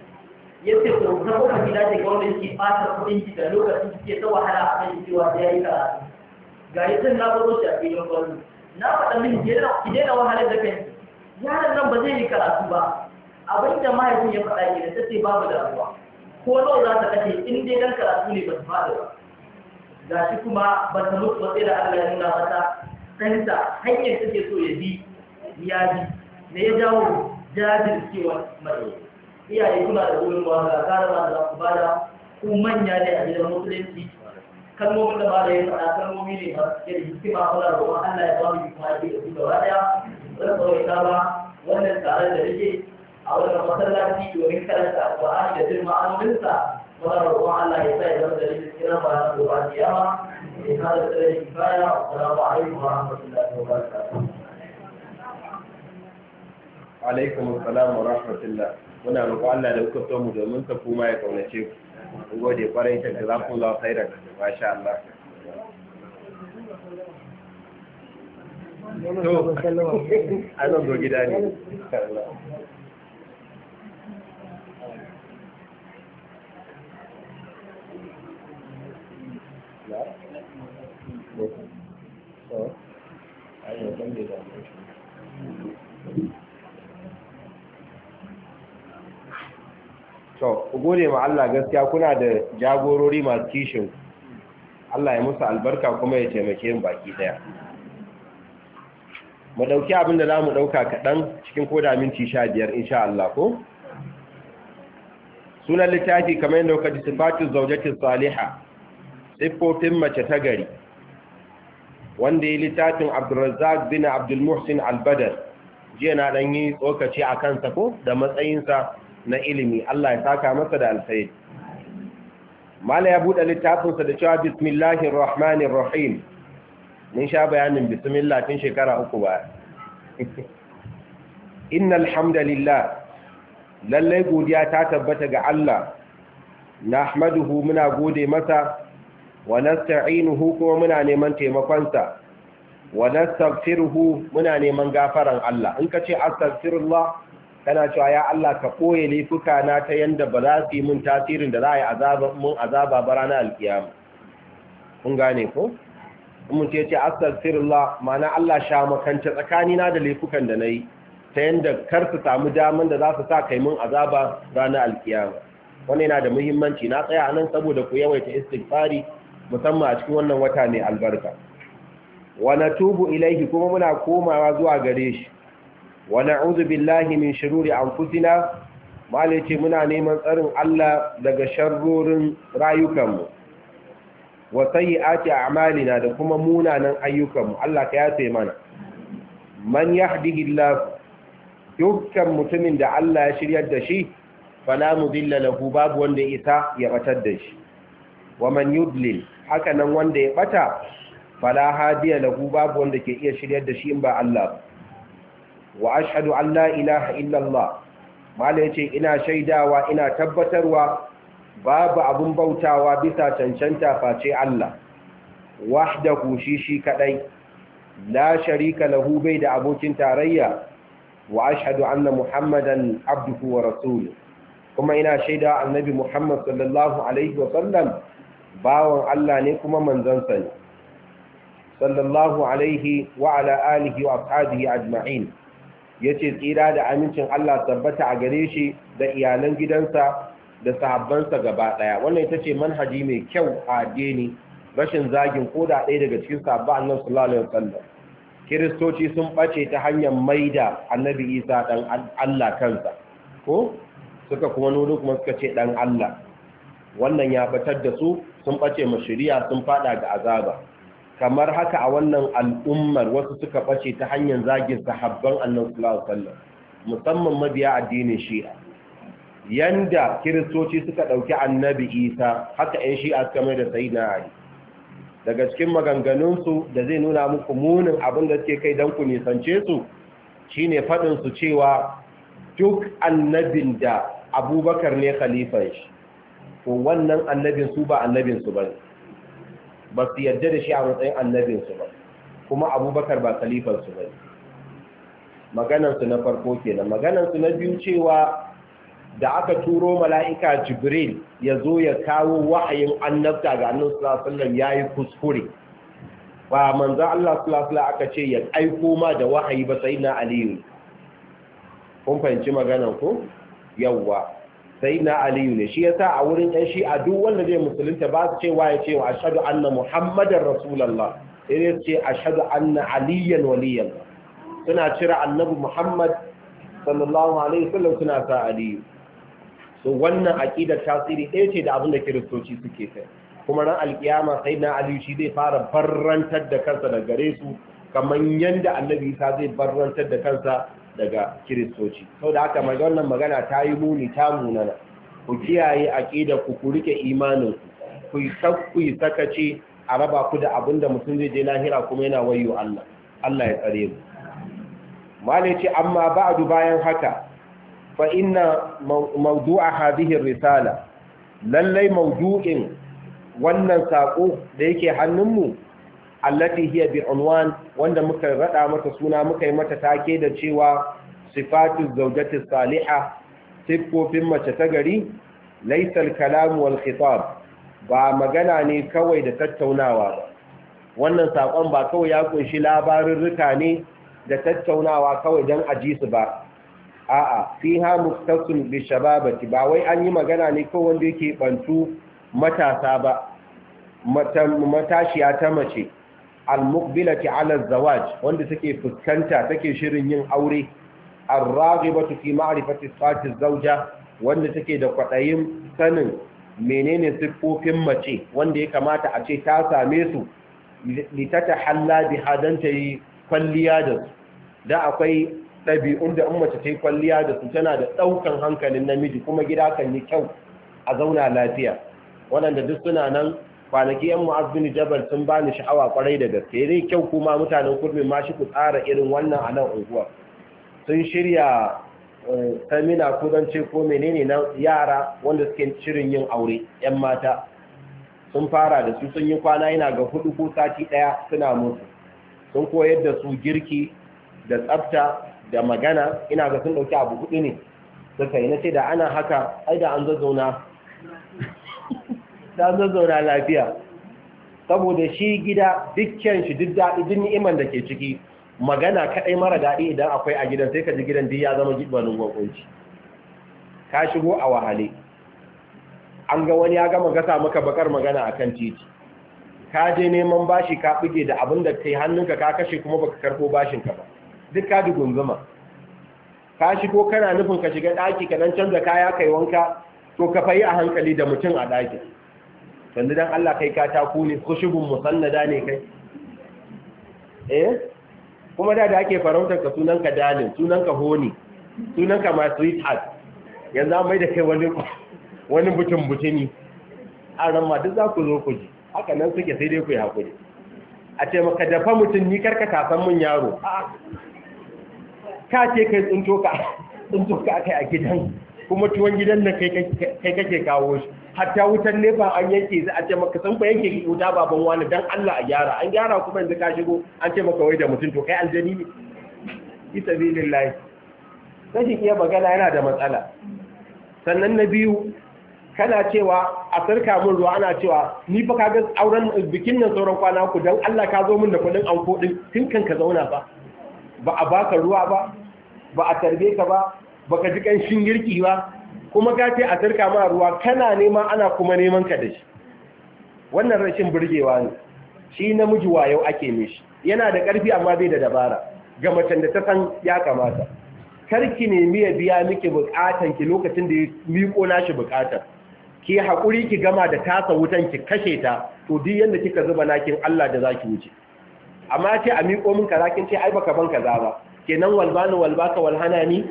ya ce ko ta kuma gida ce ga wanda ke fata kudin ki da lokacin ki ke ta wahala a kan cewa ya yi karatu ga yi sun na gwado shi a filin kwallo na faɗa min ki daina wahalar da kai yaran nan ba zai yi karatu ba abin da mahaifin ya faɗa ke da ta ce babu damuwa ko nawa za ta kashe in dai dan karatu ne ba ta fada ba ga shi kuma ba ta mutu ba da Allah ya nuna mata ɗanta hanyar take so ya bi ya bi me ya jawo jajircewa mai iyaye kuna da goyon ba ga karama da ku bada ku manya ne a gidan musulunci kalmomin da ba da yin faɗa kalmomi ne masu cike da hikima kula da kuma Allah ya ba mu hikima da su gaba ɗaya wannan tare da rike أولا مثلا نشتو من ثلاثة أفضاءات يتم مع المنسة فضل الله على يسائي بمدى للإسكرة وأنه بعد يامع إن هذا الثلاثة كفاية والسلام عليكم ورحمة الله وبركاته عليكم السلام ورحمة الله muna roƙon Allah da kuka so mu domin ka ku ma ya kaunace ku mun gode ƙwarai da ka zafin Allah khairan masha Allah to ana go gida ne to ku gode ma Allah gaskiya kuna da jagorori masu kishin Allah ya musu albarka kuma ya taimake yin baki daya mu dauki abin da zamu ɗauka kaɗan cikin koda minti sha biyar, insha Allah ko sunan littafi kamar yadda dauka ji sifatu saliha siffofin mace ta gari wanda ya littafin abdulrazak bin abdulmuhsin albadar jiya na ɗanyi tsokaci a kansa ko da matsayinsa na ilimi Allah ya saka masa da alfayar mala ya buɗe littafinsa da cewa bismillahir rahmanir rahim mun sha bayanin bismillah tun shekara uku ba Inna hamdalillah lallai godiya ta tabbata ga Allah nahmaduhu muna gode masa wa nasta'inuhu kuma muna neman taimakonsa wa nastaghfiruhu muna neman gafaran Allah in ka ce astaghfirullah kana cewa ya Allah ka koye laifuka na ta yanda ba za su yi mun tasirin da za a yi azaba mun azaba ba ranar alkiyama kun gane ko mun ce ce astaghfirullah ma'ana Allah sha makance tsakani na da laifukan da nayi ta yanda kar su samu daman da za su sa kai mun azaba ranar alkiyama wannan yana da muhimmanci na tsaya nan saboda ku yawaita istighfari musamman a cikin wannan wata mai albarka wa natubu ilaihi kuma muna komawa zuwa gare shi wa na'udhu billahi min shururi anfusina malice muna neman tsarin Allah daga sharrorin rayukanmu wa sayyiati a'malina da kuma munanan ayyukanmu Allah ka yafe mana man yahdihillahu dukkan mutumin da Allah ya shiryar da shi fala mudilla lahu babu wanda isa ya batar da shi wa man yudlil haka nan wanda ya bata fala hadiya lahu babu wanda ke iya shiryar da shi in ba Allah wa ashhadu an la ilaha illa Allah mala yace ina shaidawa ina tabbatarwa babu abun bautawa bisa cancanta face Allah wahdahu shi shi kadai la sharika lahu bai da abokin tarayya wa ashhadu anna muhammadan abduhu wa rasuluhu kuma ina shaidawa annabi muhammad sallallahu alaihi wa sallam Bawon Allah ne kuma manzansa ne sallallahu alaihi wa ala alihi wa ashabihi ajma'in ce tsira da amincin Allah tabbata a gare shi da iyalan gidansa da sahabbansa gaba ɗaya wannan ita ce manhaji mai kyau a addini rashin zagin koda ɗaya daga cikin sahabba annabi sallallahu alaihi wasallam kiristoci sun ɓace ta hanyar maida annabi Isa dan Allah kansa ko suka kuma nuna kuma suka ce ɗan Allah wannan ya batar da su sun bace ma shari'a sun fada ga azaba kamar haka a wannan al'ummar wasu suka bace ta hanyar zagin sahabban annabi sallallahu alaihi wasallam musamman mabiya addinin shi'a yanda kiristoci suka dauki annabi isa haka yan shi'a suka mai da sayyidina ali daga cikin maganganunsu da zai nuna muku munin abin da suke kai dan ku nisance su shine su cewa duk annabin da abubakar ne khalifan shi to wannan annabin su ba annabin su bane ba su yarda da shi a matsayin annabin su ba kuma abubakar ba khalifar su bane maganar su na farko kenan maganar su na biyu cewa da aka turo mala'ika jibril ya zo ya kawo wahayin annabta ga annabi sallallahu alaihi wasallam yayi kuskure ba manzo Allah sulasula aka ce ya aiko ma da wahayi ba sai na aliyu kun fahimci maganar ku yawwa sai na aliyu ne shi ya sa a wurin yan shi a duk wanda zai musulunta ba su cewa ya cewa ashadu anna Muhammadan rasulallah sai ce ashadu anna aliyan waliyan suna cira annabi muhammad sallallahu alaihi wasallam suna sa aliyu wannan aƙidar tasiri ɗaya ce da abin da kiristoci suke kai kuma ran alkiyama sai na aliyu shi zai fara barrantar da kansa da gare su kamar yadda annabi isa zai barrantar da kansa daga kiristoci sau da aka maganar magana ta yi muni ta munana ku kiyaye aƙida ku ku rike imanin ku yi sakaci a raba ku da abin da mutum zai je lahira kuma yana wayo Allah Allah ya tsare mu mala ce amma ba'du bayan haka fa inna mawdu'a hadhihi risala lallai mawdu'in wannan sako da yake hannunmu allati hiya bi unwan wanda muka rada mata suna muka yi mata take da cewa sifatu zawjati salihah siffofin mace ta gari laysa al-kalam wal khitab ba magana ne kawai da tattaunawa ba wannan sakon ba kawai ya kunshi labarin ruka ne da tattaunawa kawai dan ajisu su ba a'a fiha muktasun bi shababati ba wai an yi magana ne ko wanda yake bantu matasa ba matashiya ta mace al-muqbilati ala zawaj wanda take fuskanta take shirin yin aure ar-raghibatu fi ma'rifati sifati zawja wanda take da kwadayin sanin menene siffofin mace wanda ya kamata a ce ta same su li tatahalla bi hadanta yi kwalliya da su da akwai ɗabi'un da in mace ta yi kwalliya da su tana da ɗaukan hankalin namiji kuma gida kan yi kyau a zauna lafiya waɗanda duk suna nan kwanaki yan mu'az bin jabal sun bani sha'awa kwarai da gaske dai kyau kuma mutanen kurmin ma shi ku tsara irin wannan a nan unguwar sun shirya eh, samina ko zan ce ko menene na yara wanda suke shirin yin aure yan mata sun fara da su sun yi kwana yana ga hudu ko sati daya suna musu sun koyar da su girki da tsafta da magana ina ga sun dauki abu hudu ne suka yi na ce da ana haka ai da an zazzauna Ta an zazzauna lafiya saboda shi gida dukkan shi duk daɗi duk ni'iman da ke ciki magana kaɗai mara daɗi idan akwai a gidan sai ka ji gidan duk ya zama gibanin gwakunci ka shigo a wahale an ga wani ya gama gasa maka bakar magana akan titi ka je neman bashi ka buge da abin da kai hannunka ka kashe kuma baka bashin bashinka ba duk ka dugunzuma ka shigo kana nufin ka shiga ɗaki ka canza kaya kai wanka to ka fayi a hankali da mutum a ɗakin yanzu don Allah kai katako ne kushubun musannada ne kai eh kuma da da ake farautar ka sunanka dalin sunanka honi sunanka my sweetheart yanzu mai da kai wani wani butun butuni a ramma duk za ku zo ku ji haka nan suke sai dai ku yi hakuri a ce maka dafa mutum ni karka san mun yaro ka ce kai tsuntoka ka kai a gidan kuma tuwon gidan nan kai kake kawo shi hatta wutar nefa an yanke sai a ce maka san ba yanke wuta baban wani dan Allah a gyara an gyara kuma yanzu ka shigo an ce maka wai da mutum to kai aljani ne isa billahi rashin iya magana yana da matsala sannan na biyu kana cewa a sarka mun ruwa ana cewa ni fa ka ga auren bikin nan sauran kwana ku dan Allah ka zo min da kudin an kodin tun kan ka zauna ba ba a baka ruwa ba ba a tarbe ka ba baka ji kanshin girki ba kuma ka ce a sarka ma ruwa kana nema ana kuma neman ka da shi wannan rashin burgewa ne shi namiji wayo ake mishi yana da ƙarfi amma bai da dabara ga macen da ta san ya kamata karki ne miya biya miki bukatan ki lokacin da ya miko nashi bukatar ki haƙuri ki gama da tasa wutan ki kashe ta to duk yanda kika zuba nakin Allah da zaki wuce amma ce a miko min karakin kin ce ai baka ban kaza ba kenan walbanu walbaka walhanani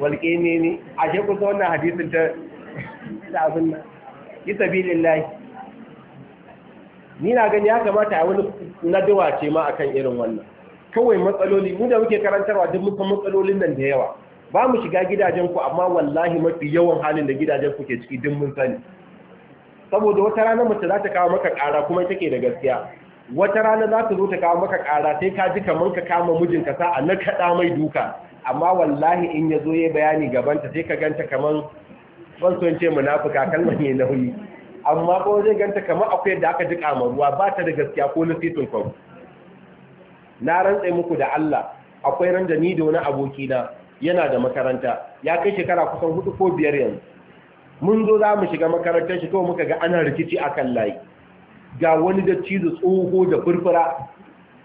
walƙe ne ne a shi kusa wannan hadisin ta abin nan yi sabilin lahi ni na gani ya kamata a wani naduwa ce ma akan irin wannan kawai matsaloli mu da muke karantarwa duk muka matsalolin nan da yawa ba mu shiga gidajen ku amma wallahi mafi yawan halin da gidajen ku ke ciki duk mun sani saboda wata rana mace za ta kawo maka ƙara kuma take da gaskiya wata rana za ta zo ta kawo maka ƙara sai ka ji kamar ka kama mijinka sa a na kaɗa mai duka amma wallahi in ya zo ya bayani gabanta sai ka ganta kamar ban munafuka kalmar ne nauyi amma ko zai ganta kamar akwai da aka jika ma ruwa ba ta da gaskiya ko na fitun na rantse muku da Allah akwai ran da ni da wani abokina yana da makaranta ya kai shekara kusan hudu ko biyar yanzu mun zo za mu shiga makarantar shi kawai muka ga ana rikici akan layi ga wani da cizo tsoho da furfura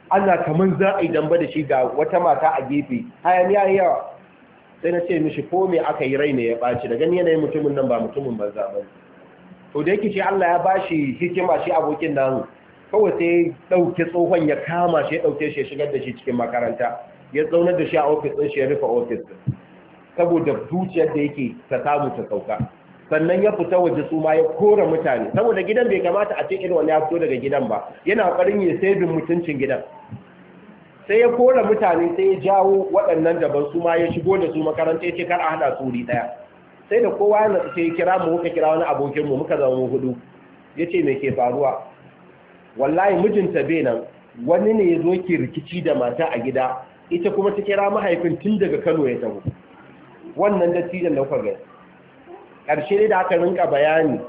ana kaman za a yi damba da shi ga wata mata a gefe hayaniya yawa sai na ce mishi ko me aka yi rai ne ya ɓaci da gani yanayin mutumin nan ba mutumin banza ba to da yake shi Allah ya ba shi hikima shi abokin nan kawai sai ɗauke tsohon ya kama shi ya ɗauke shi ya shigar da shi cikin makaranta ya zaunar da shi a ofis ɗin shi ya rufe ofis saboda zuciyar da yake ta samu ta sauka sannan ya fita waje su ma ya kora mutane saboda gidan bai kamata a ce irin wani ya fito daga gidan ba yana farin ya saibin mutuncin gidan sai ya kora mutane sai ya jawo waɗannan daban su ma ya shigo da su makaranta ya ce kar a haɗa su wuri ɗaya sai da kowa yana sai ya kira mu muka kira wani abokin mu muka zama hudu ya ce me ke faruwa wallahi mijinta bai nan wani ne ya zo ke rikici da mata a gida ita kuma ta kira mahaifin tun daga Kano ya taho wannan dattijan da kuka gani ƙarshe da aka rinka bayani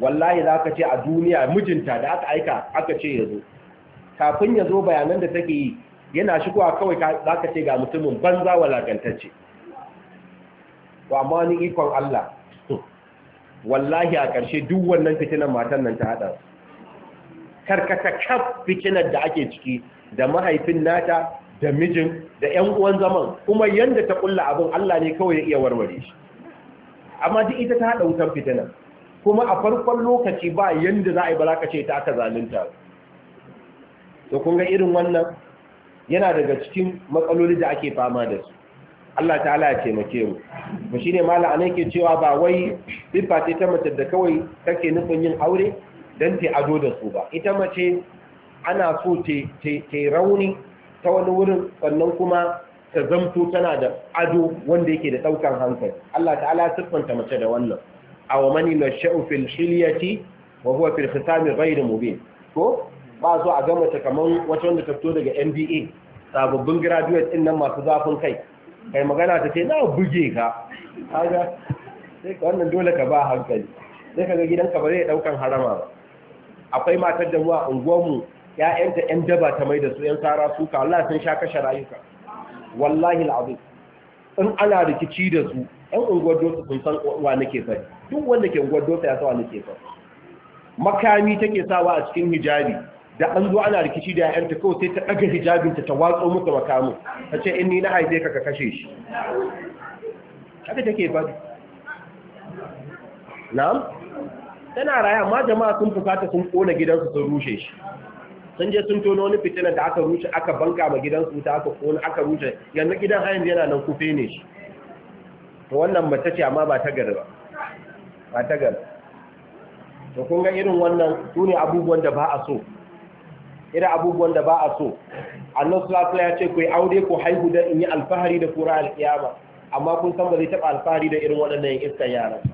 wallahi za ka ce a duniya mijinta da aka aika aka ce ya zo kafin ya zo bayanan da take yi yana shigowa kawai za ka ce ga mutumin banza walakantacce to ma wani ikon Allah wallahi a ƙarshe duk wannan fitinan matan nan ta haɗa karkata kaf fitinan da ake ciki da mahaifin nata da mijin da ƴan uwan zaman kuma yanda ta ƙulla abin Allah ne kawai ya iya warware shi amma duk ita ta haɗa wutar fitina kuma a farkon lokaci ba yadda za a yi ba ce ta aka zalunta to kun ga irin wannan yana daga cikin matsaloli da ake fama da su Allah ta'ala ya taimake mu Ba shi ne mala ana ke cewa ba wai bibba ce ta mace da kawai take nufin yin aure don ta ado da su ba ita mace ana so ta rauni ta wani wurin sannan kuma ta zamto tana da ado wanda yake da ɗaukan hankali Allah ta'ala siffanta mace da wannan aw man yashau fil hilyati wa huwa fil khisami ghayr mubin ko ba zo a ga ta kaman wata wanda ta fito daga MBA sababbin graduate din nan masu zafin kai kai magana ta ce na buge ka kaga sai ka wannan dole ka ba hankali sai kaga gidanka ba zai daukan harama ba akwai matar da mu a unguwar mu 'ya'yanta 'yan daba ta mai da su yan sara suka Allah sun sha kashe rayuka wallahi al'azim in ana rikici da su ɗan unguwar dosa sun san wa nake fari, duk wanda ke unguwar dosa ya sawa nake fari. makami take sawa a cikin hijabi da an zo ana rikici da ya'yanta kawai sai ta ɗaga hijabinta ta watso musu makamu ta ce in ni na haife ka ka kashe shi haka take fari? na'am tana raya amma jama'a sun fusata sun kona gidansu sun rushe shi sun je sun tono wani fitina da aka rushe aka banka ma su ta aka kona aka rushe yanzu gidan hayan yana nan kufe ne shi to wannan mace ce amma ba ta gari ba ba ta gari to kun ga irin wannan su ne abubuwan da ba a so irin abubuwan da ba a so Allah sallallahu ya ce ku aure ku haihu don in yi alfahari da kura alkiyama amma kun san ba zai taba alfahari da irin waɗannan iskan yaran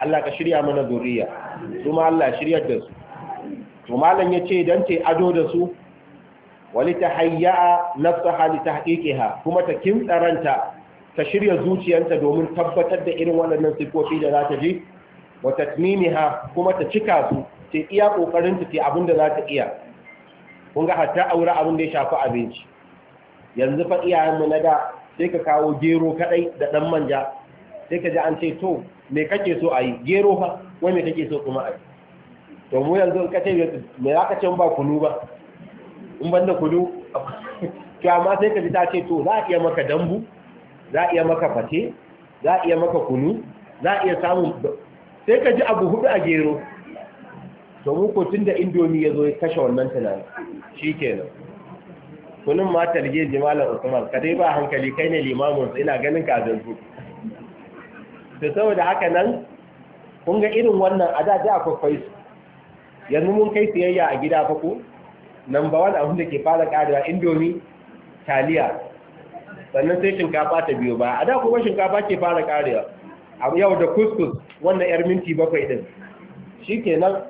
Allah ka shirya mana zuriya kuma Allah shiryar da su to malam ya ce don ta ado da su wani ta hayya'a ta li tahqiqiha kuma ta kintsaranta ta shirya zuciyarta domin tabbatar da irin waɗannan sifofi da za ta ji wa ha kuma ta cika su ta iya kokarin ta ta abin da za ta iya kun ga hatta aure abin da ya shafi abinci yanzu fa mu na da sai ka kawo gero kadai da dan manja sai ka ji an ce to me kake so a yi gero fa wai me kake so kuma a yi to mu yanzu in kace me za ka ce ba kunu ba in banda kunu to amma sai ka ji ta ce to za a iya maka dambu za a iya maka fate za a iya maka kunu za a iya samun sai ka ji abu hudu a gero to mu ko tunda indomi ya zo ya kashe wannan tunanin shikenan kunun ma talge jimalan usman ka dai ba hankali kai ne limamin ina ganin ka zanzu to saboda haka nan kun ga irin wannan a da da akwai yanzu mun kai siyayya a gida fa ko number one abin da ke fara karewa indomi taliya sannan sai shinkafa ta biyo ba a da kuma shinkafa ke fara karewa a yau da kuskus wannan yar minti bakwai din shikenan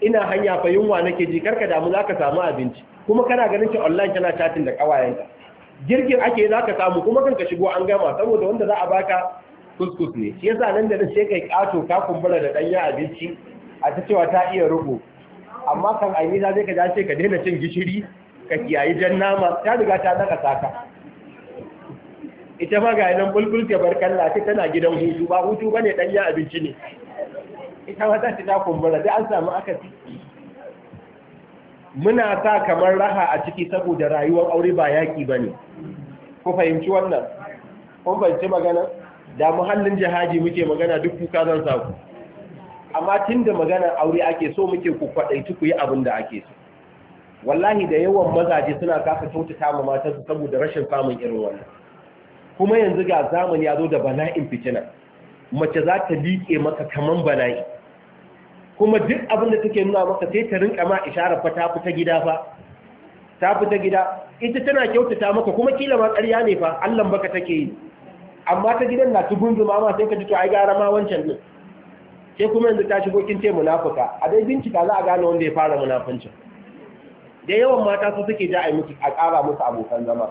ina hanya fa yunwa nake ji karka damu zaka samu abinci kuma kana ganin ki online kana chatting da kawayenka girgin ake zaka samu kuma kanka shigo an gama saboda wanda za a baka kuskus ne shi yasa nan da nan sai kai kato ka kumbura da danya abinci a ta cewa ta iya rubu amma kan aini za zai ka dace ka daina cin gishiri ka kiyayi jan nama ta riga ta daka saka ita ma ga nan bulbul ke kalla ta tana gidan hutu ba hutu bane dan ya abinci ne ita ma ta ta kumbura sai an samu aka akasi muna sa kamar raha a ciki saboda rayuwar aure ba yaki bane ku fahimci wannan kun fahimci magana da muhallin jihadi muke magana duk kuka zan sa ku amma tun da maganar aure ake so muke ku kwaɗaitu ku yi abin da ake so wallahi da yawan mazaje suna kasa kyautata ma matansu saboda rashin samun irin wannan kuma yanzu ga zamani ya zo da bana'in fitina mace za ta liƙe maka kaman bana'i kuma duk abin da take nuna maka sai ta rinka ma isharar fa ta fita gida fa ta fita gida ita tana kyautata maka kuma kila ma ƙarya ne fa Allah baka take yi amma ta gidan na ma ma sai ka ji to ai gara ma wancan din ke kuma yanzu ta shigo kin ce munafuka a dai bincika za a gane wanda ya fara munafuncin da yawan mata su suke ja a miki a ƙara musu abokan zama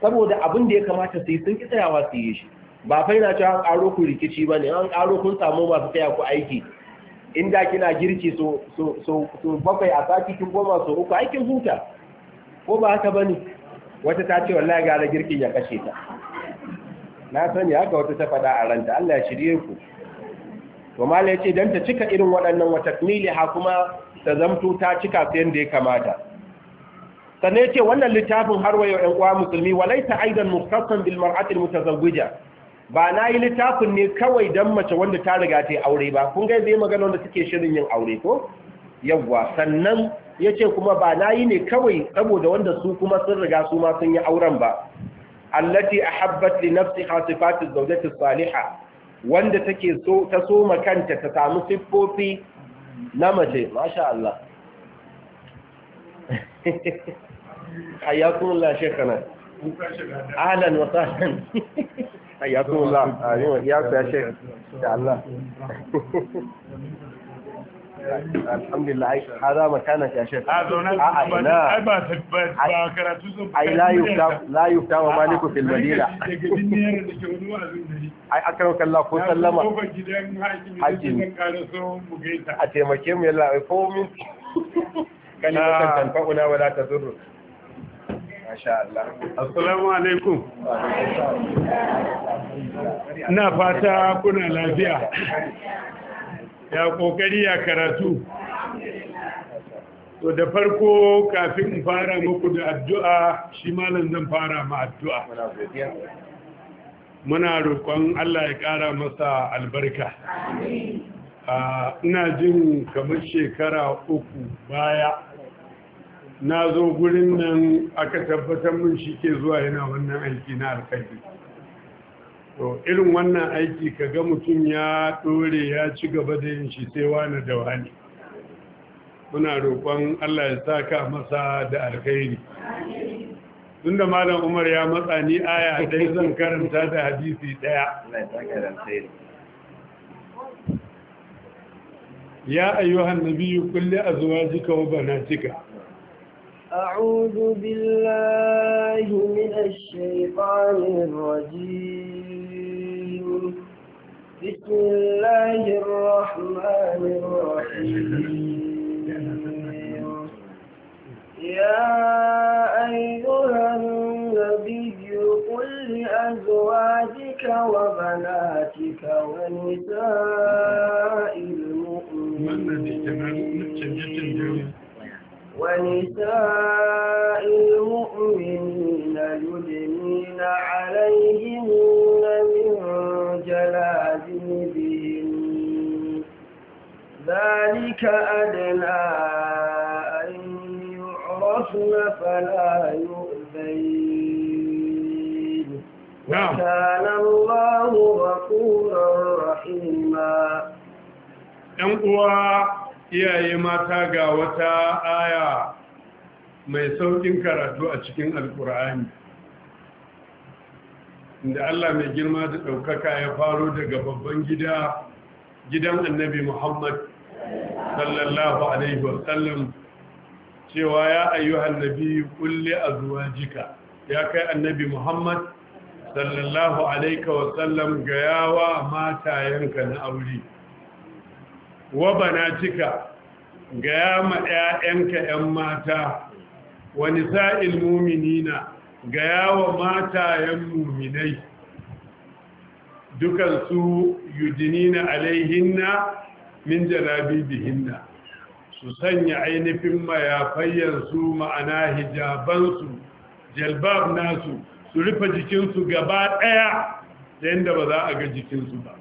saboda abin da ya kamata su yi sun ki tsayawa su yi shi ba fai na cewa an ƙaro ku rikici ba ne an ƙaro kun samu masu taya ku aiki inda kina girki so bakwai a sati kin goma so uku aikin huta ko ba haka ba ne? wata ta ce wallahi gara girkin ya kashe ta na sani haka wata ta faɗa a ranta Allah ya shirye ku to mala yace dan ta cika irin waɗannan wa takmiliha kuma ta zamto ta cika sai da ya kamata sannan yace wannan littafin har wayo ɗan uwa musulmi walaita aidan mukhtasan bil mar'ati al mutazawwija ba na yi littafin ne kawai dan mace wanda ta riga ta yi aure ba kun ga zai magana wanda suke shirin yin aure ko yawwa sannan yace kuma ba na yi ne kawai saboda wanda su kuma sun riga su ma sun yi auren ba allati ahabbat li nafsiha sifatu zawjati salihah wanda take so ta soma kanta ta samu siffofi na mace masha Allah Allah shekana ahlan wa sahlan Allah Allah alhamdulillah hada makana ai la la wa maliku fil madina ai ko sallama a taimake mu yalla ai wala Assalamu alaikum. fata kuna lafiya. ya kokari ya karatu to da farko kafin fara muku da addu'a shi malam zan fara ma addu'a muna roƙon Allah ya ƙara masa albarka ina jin kamar shekara uku baya na zo gurin nan aka tabbatar mun shi ke zuwa yana wannan aiki na alkaji to irin wannan aiki ka ga mutum ya ɗore ya ci gaba da yin shi sai wani da wani muna roƙon Allah ya saka masa da alkhairi tunda malam Umar ya matsa ni aya dai zan karanta da hadisi daya ya ayyuhan nabiyyu kulli azwajika wa banatika a'udhu billahi minash الشيطان rajim بسم الله الرحمن الرحيم يا أيها النبي قل لأزواجك وبناتك ونساء المؤمنين ونساء المؤمنين يدنين عليهم ذلك أدنى أن يعرفن فلا يؤذين وكان الله غفورا رحيما ‘Yan uwa iyaye mata ga wata aya mai sauƙin karatu a cikin Alƙur'ani, inda Allah mai girma da ɗaukaka ya faro daga babban gida gidan annabi Muhammad sallallahu alaihi wasallam cewa ya ayyuhan nabi kulli azwajika ya kai annabi muhammad sallallahu alaihi wasallam ga yawa matayenka na aure wa banatika ga yama ƴaƴanka ƴan mata wa nisa'il mu'minina ga yawa matayen mu'minai dukansu yudinina alaihinna min jarabi bihinna su sanya ainihin mayafayyarsu ma'ana hijabansu jalbab nasu su rufe jikinsu gaba ɗaya da yadda ba za a ga jikinsu ba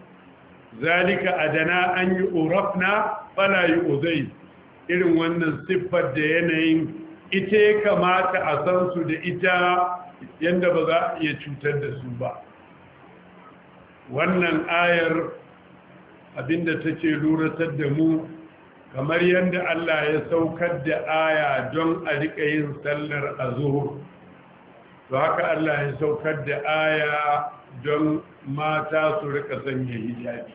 zalika adana an yi urafna fala yi uzai irin wannan siffar da yanayin ita ya kamata a san su da ita yadda ba za a iya cutar da su ba wannan ayar abinda take luratar da mu kamar yadda Allah ya saukar da aya don a rika yin sallar azhur to haka Allah ya saukar da aya don mata su rika sanya hijabi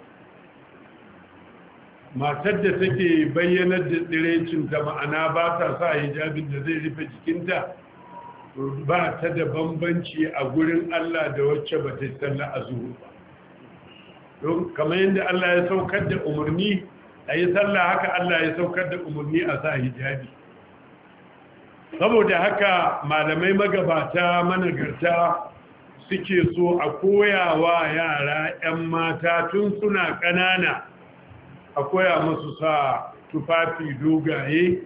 matar da take bayyanar da ta ma'ana ba ta sa hijabin da zai rufe jikinta ba ta da bambanci a gurin Allah da wacce ba ta sallar azhur ba don kamar yadda Allah ya saukar da umarni a yi sallah haka Allah ya saukar da umarni a sa hijabi saboda haka malamai magabata managarta suke so a koyawa yara 'yan mata tun suna ƙanana a koya musu sa tufafi dogaye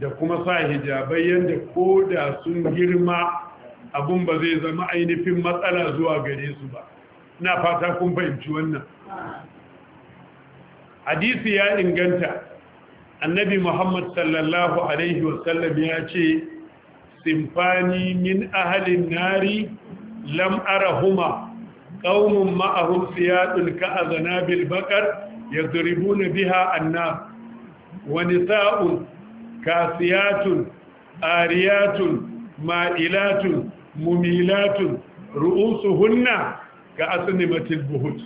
da kuma sa hijabai yadda ko da sun girma abun ba zai zama ainihin matsala zuwa gare su ba na fata kun fahimci wannan hadisi ya inganta annabi muhammad sallallahu alaihi wasallam ya ce simfani min ahalin nari lam arahuma a ma'ahum siyadun ka'azanabil baqar yadribuna biha annas Wani nisa'un kasiyatun ariyatun ma'ilatun mumilatun hunna ga asnimatil buhut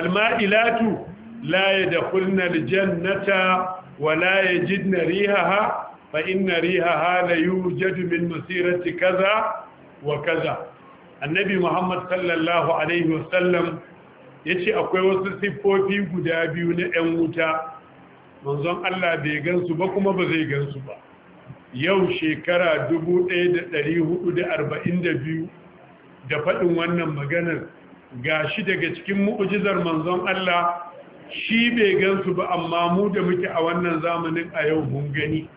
alma'ilatu la yadkhulna aljannata wa la yajidna rihaha fa inna rihaha la yujadu min masirati kaza wa kaza annabi muhammad sallallahu alaihi wasallam yace akwai wasu siffofi guda biyu na 'yan wuta manzon Allah bai gansu ba kuma ba zai gansu ba yau shekara 1442 da faɗin wannan maganar gashi daga cikin mu'ujizar manzon Allah shi bai gansu ba amma mu da muke a wannan zamanin a yau mun gani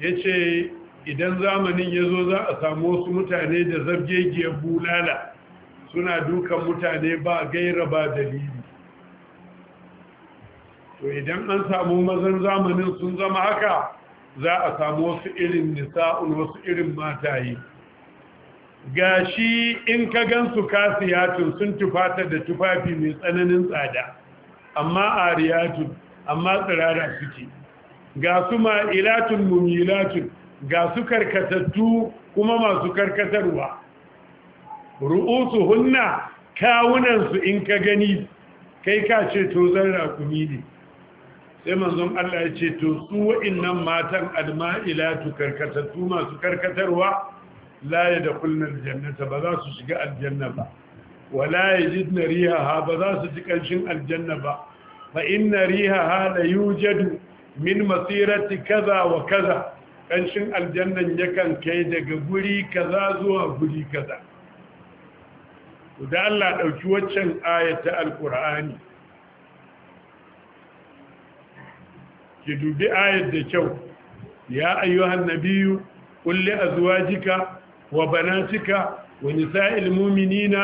yace idan zamanin yazo za a samu wasu mutane da zabgegiyar bulala suna dukan mutane ba gaira ba dalili to idan an samu mazan zamanin sun zama haka za a samu wasu irin nisa'un wasu irin mataye gashi in ka gansu kasiyatun sun tufata da tufafi mai tsananin tsada amma ariyatun amma tsirara suke ga su ma'ilatun mumilatun ga su karkatattu kuma masu karkatarwa ru'usu hunna kawunansu in ka gani kai ka ce to zan rakumi ne sai manzon Allah ya ce to su wa'innan matan alma'ilatu karkatattu masu karkatarwa la yadkhulna aljannata ba za su shiga aljanna ba wala yajidna rihaha ba za su ji kanshin aljanna ba fa inna rihaha la yujadu min masirati kaza wa kaza kanshin aljannan yakan kai daga guri kaza zuwa guri kaza da Allah ɗauki waccan ayata alƙur'ani ki dubi ayat da kyau ya ayyuhan nabiyyu a zuwa jika. wa ونساء المؤمنين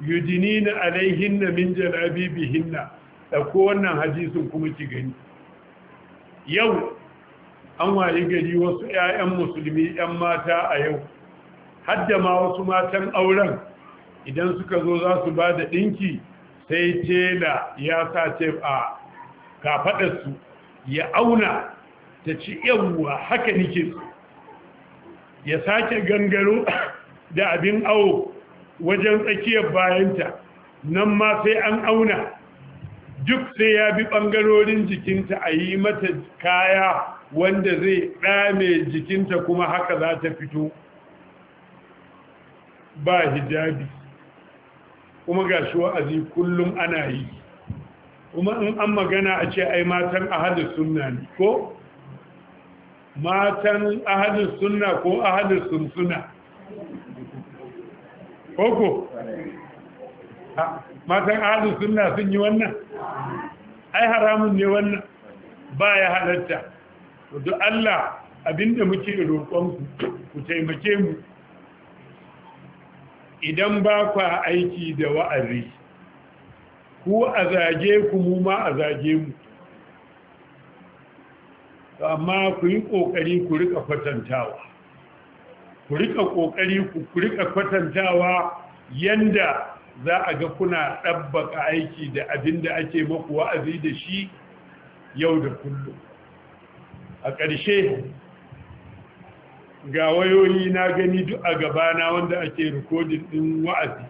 يدنين عليهن yudinina alaihinna اكو wannan hadisin kuma ki gani yau an waye gari wasu ƴaƴan musulmi ƴan mata a yau hadda ma wasu matan auren idan suka zo za su bada da ɗinki sai tela ya sa ce a su ya auna ta ci yawwa haka nike so ya sake gangaro da abin awo wajen tsakiyar bayanta nan ma sai an auna duk sai ya bi ɓangarorin jikinta a yi mata kaya wanda zai ɗame jikinta kuma haka za ta fito ba hijabi kuma ga shi wa'azi kullum ana yi kuma in an magana a ce ai matan ahadu sunna ne ko matan ahadin sunna ko ahadin sunsuna koko matan ahadin sunna sun yi wannan ai haramun ne wannan ba ya halatta to Allah abinda muke roƙonku ku taimake mu idan ba ku aiki da wa'azi ku a zage ku mu ma a zage mu amma ku yi ƙoƙari ku rika kwatantawa ku rika ƙoƙari ku rika kwatantawa yanda za a ga kuna ɗabbaka aiki da abin da ake maku wa'azi da shi yau da kullum a ƙarshe ga wayoyi na gani duk a gabana wanda ake rikodin ɗin wa'azi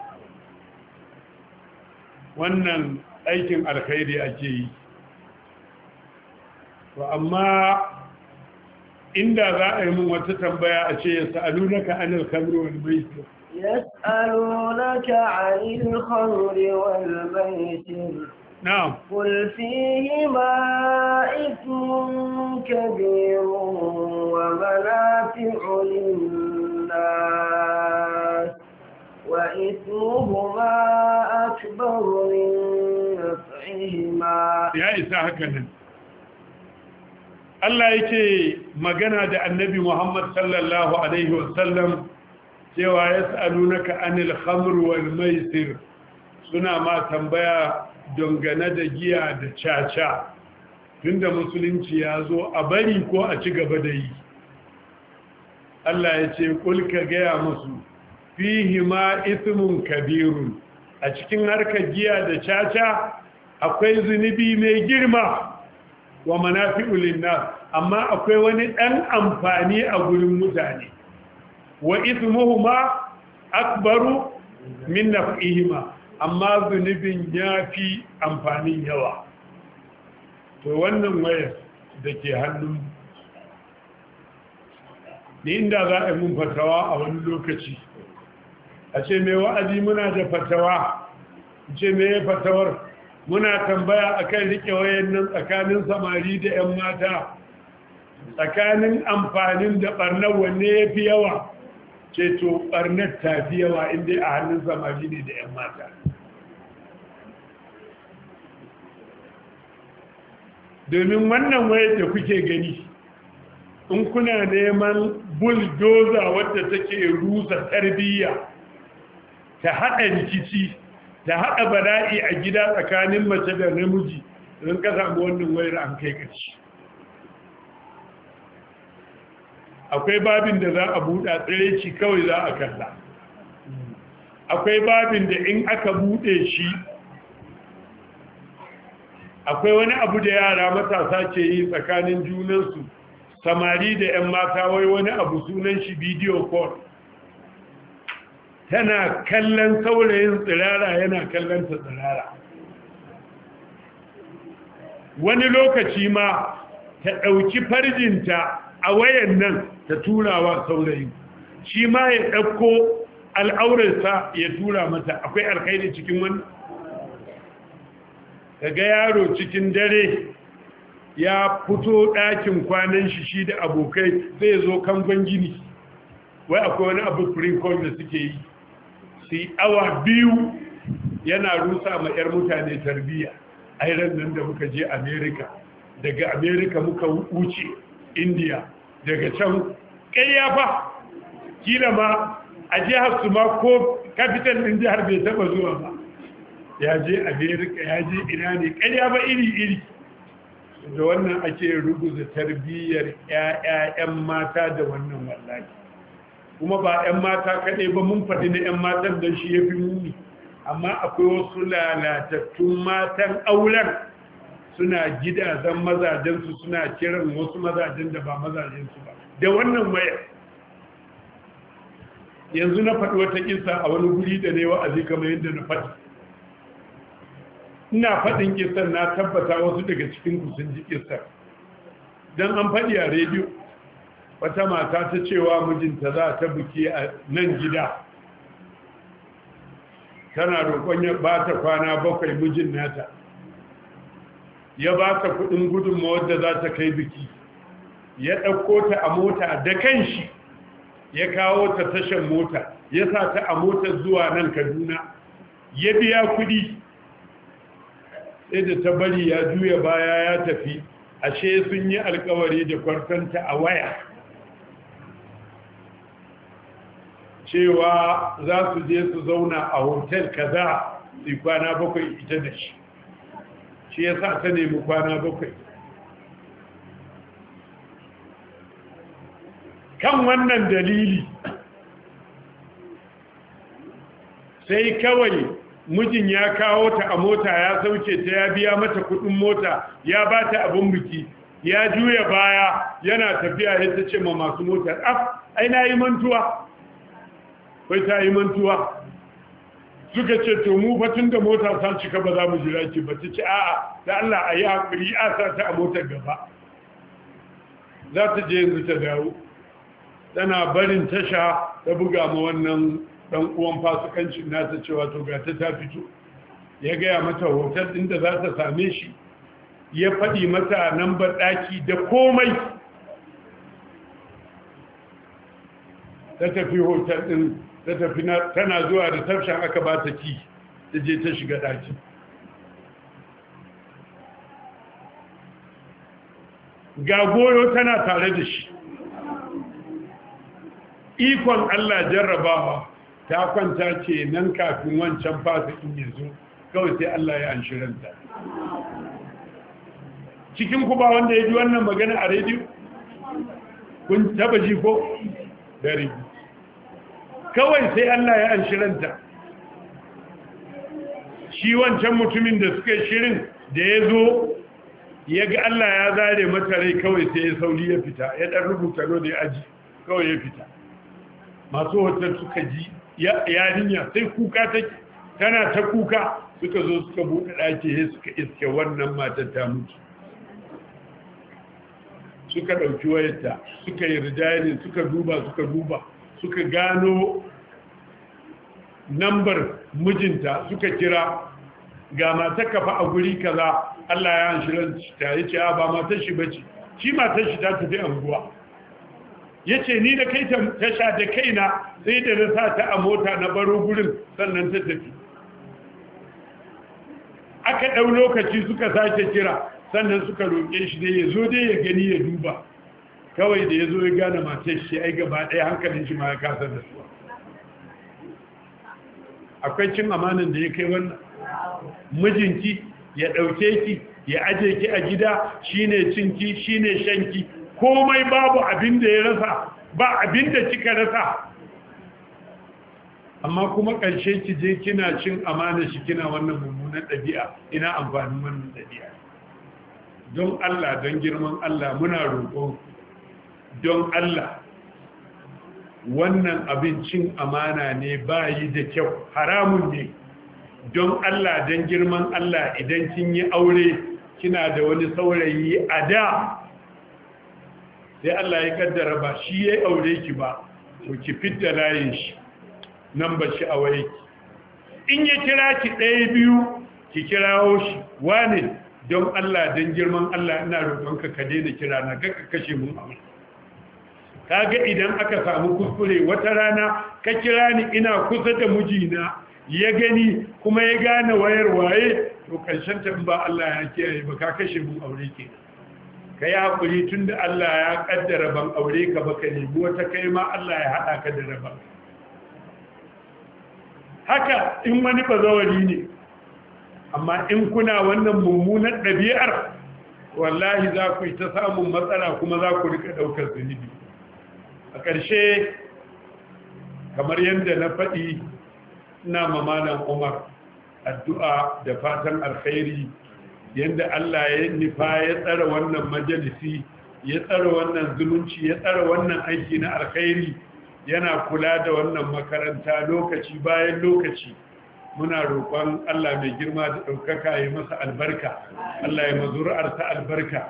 wannan aikin alkhairi ake yi to amma inda za a yi mun wata tambaya a ce ya sa'adu na ka'anar kamuru wani mai su نعم قل فيهما إثم كبير ومنافع للناس وإثمهما أكبر من نفعهما يا إساء هكذا Allah yake magana da annabi Muhammad sallallahu Alaihi wasallam cewa ya sa'alunaka anil khamr wal maisir suna ma tambaya dangane da giya da caca tunda musulunci ya zo a bari ko a ci gaba da yi Allah ya ce kulka gaya masu fihi ma ismun kabirun a cikin harkar giya da caca akwai zunubi mai girma wa manafi'u linnas amma akwai wani dan amfani a gurin mutane wa ithmuhuma akbaru min naf'ihima amma zunubin yafi amfanin yawa to wannan wayar da ke hannun ni inda za a mun fatawa a wani lokaci a ce mai wa'azi muna da fatawa ce mai fatawar muna tambaya akan rike wayan nan tsakanin samari da 'yan mata tsakanin amfanin da ɓarnar wanne ya fi yawa ce to ɓarnar ta fi yawa inda a hannun samari ne da 'yan mata domin wannan wayar da kuke gani in kuna neman bulldozer wadda take rusa tarbiyya ta haɗa rikici da haɗa bala'i a gida tsakanin mace da namiji don ka samu wannan wayar an kai ƙarshe akwai babin da za a buɗa tsireci kawai za a kalla akwai babin da in aka buɗe shi akwai wani abu da yara matasa ce yi tsakanin junansu samari da 'yan mata wai wani abu sunan shi bidiyo call tana kallon saurayin tsirara yana kallon ta tsirara wani lokaci ma ta ɗauki farjinta a wayan nan ta turawa saurayin shi ma ya ɗauko al'aurarsa ya tura mata akwai alkhairi cikin wani ga yaro cikin dare ya fito ɗakin kwanan shi shi da abokai zai zo kangon gini wai akwai wani abu free da suke yi sai awa biyu yana rusa ma 'yar mutane tarbiyya a nan da muka je america daga america muka wuce india daga can ya fa? kila ma a jihar su ma ko capital ɗin jihar bai taba zuwa ba ya je america ya je ina ne ya ba iri-iri da wannan ake ruguza tarbiyyar 'ya'ya'yan mata da wannan wallahi kuma ba 'yan mata kaɗai ba mun faɗi na 'yan matan da shi ya fi muni amma akwai wasu lalatattun matan auren suna gidajen mazajensu suna kiran wasu mazajen da ba mazajensu ba da wannan waya yanzu na faɗi wata kisa a wani guri da ne wa'azi kamar yadda na faɗi ina faɗin kisan na tabbata wasu daga cikin sun ji kisan don an faɗi a rediyo wata mata ta cewa mijinta za ta buke a nan gida tana roƙon ya ba ta kwana bakwai mijin nata ya ba ta kudin gudunmawar da za ta kai biki ya ɗauko ta a mota da shi ya kawo ta tashan mota ya sa ta a mota zuwa nan kaduna ya biya kuɗi, sai da ta bari ya juya baya ya tafi ashe sun yi alkawari da kwartanta a waya cewa za su je su zauna a hotel kaza su kwana bakwai ita da shi shi ya sa ta nemi kwana bakwai kan wannan dalili sai kawai mijin ya kawo ta a mota ya sauke ta ya biya mata kudin mota ya ba ta abin biki ya juya baya yana tafiya ya ta ce ma masu motar af ai na yi mantuwa bai ta yi mantuwa suka ce to mu tun da mota ta cika ba za mu jira ki ba ta ce a'a da Allah a yi haƙuri a sa ta a motar gaba za ta je yanzu ta dawo tana barin tasha ta buga ma wannan dan uwan fasikancin nata cewa to ga ta ta fito ya gaya mata hotel ɗin da za ta same shi ya faɗi mata nambar ɗaki da komai ta tafi hotel ɗin ta tafi tana zuwa da tafshan aka ba ta ki ta je ta shiga ɗaki ga goyo tana tare da shi ikon Allah jarrabawa ta kwanta ce nan kafin wancan in yi zo kawai sai Allah ya anshiranta cikin ku ba wanda ya ji wannan magana a rediyo kun taba ji ko dare kawai sai Allah ya anshi ranta shi wancan mutumin da suka shirin da ya zo ya ga Allah ya zare mata kawai sai ya sauri ya fita ya ɗan rubuta da ya aji kawai ya fita masu hotar suka ji yarinya sai kuka tana ta kuka suka zo suka buɗe ɗaki sai suka iske wannan matar ta mutu suka ɗauki wayarta suka yi rijayi suka duba suka duba suka gano nambar mijinta suka kira ga mata kafa a guri kaza Allah ya shirin ta ya ce ba matar shi bace shi matar shi ta tafi anguwa ya ce ni da kai ta sha da kaina sai da na sa ta a mota na baro gurin sannan ta tafi aka ɗau lokaci suka sake kira sannan suka roƙe shi da ya zo dai ya gani ya duba kawai da ya zo ya gane matar shi ai gaba ɗaya hankalin shi ma ya kasar da su akwai cin amanin da ya kai wannan mijinki ya ɗauke ki ya aje ki a gida shi ne cinki ne shanki komai babu abin da ya rasa ba abin da kika rasa amma kuma ƙarshe ki je kina cin amana shi kina wannan mummunan ɗabi'a ina amfanin wannan ɗabi'a don Allah don girman Allah muna roƙon don Allah wannan abincin amana ne ba yi da kyau haramun ne don Allah don girman Allah idan kin yi aure kina da wani saurayi a da sai Allah ya kaddara ba shi ya yi aure ki ba ku ki fitta layin shi nan ba shi a waye ki in ya kira ki ɗaya biyu ki kirawo shi wane don Allah don girman Allah ina roƙonka ka daina kira na ga kashe mun aure kaga idan aka samu kuskure wata rana ka kira ni ina kusa da mijina ya gani kuma ya gane wayar waye to karshen ta ba Allah ya kiyaye ba ka kashe mu aure ke ka yi hakuri tunda Allah ya kaddara ban aure ka ba ka nemi wata kai ma Allah ya hada ka da raba haka in wani bazawari ne amma in kuna wannan mummunar ɗabi'ar wallahi za ku yi ta samun matsala kuma za ku rika ɗaukar zunubi a ƙarshe kamar yadda na faɗi na mamanan umar addu'a da fatan alkhairi yadda allah ya nufa ya tsara wannan majalisi ya tsara wannan zumunci ya tsara wannan aiki na alkhairi yana kula da wannan makaranta lokaci bayan lokaci muna roƙon Allah mai girma da ɗaukaka ya masa albarka Allah ya mazuri'arsa albarka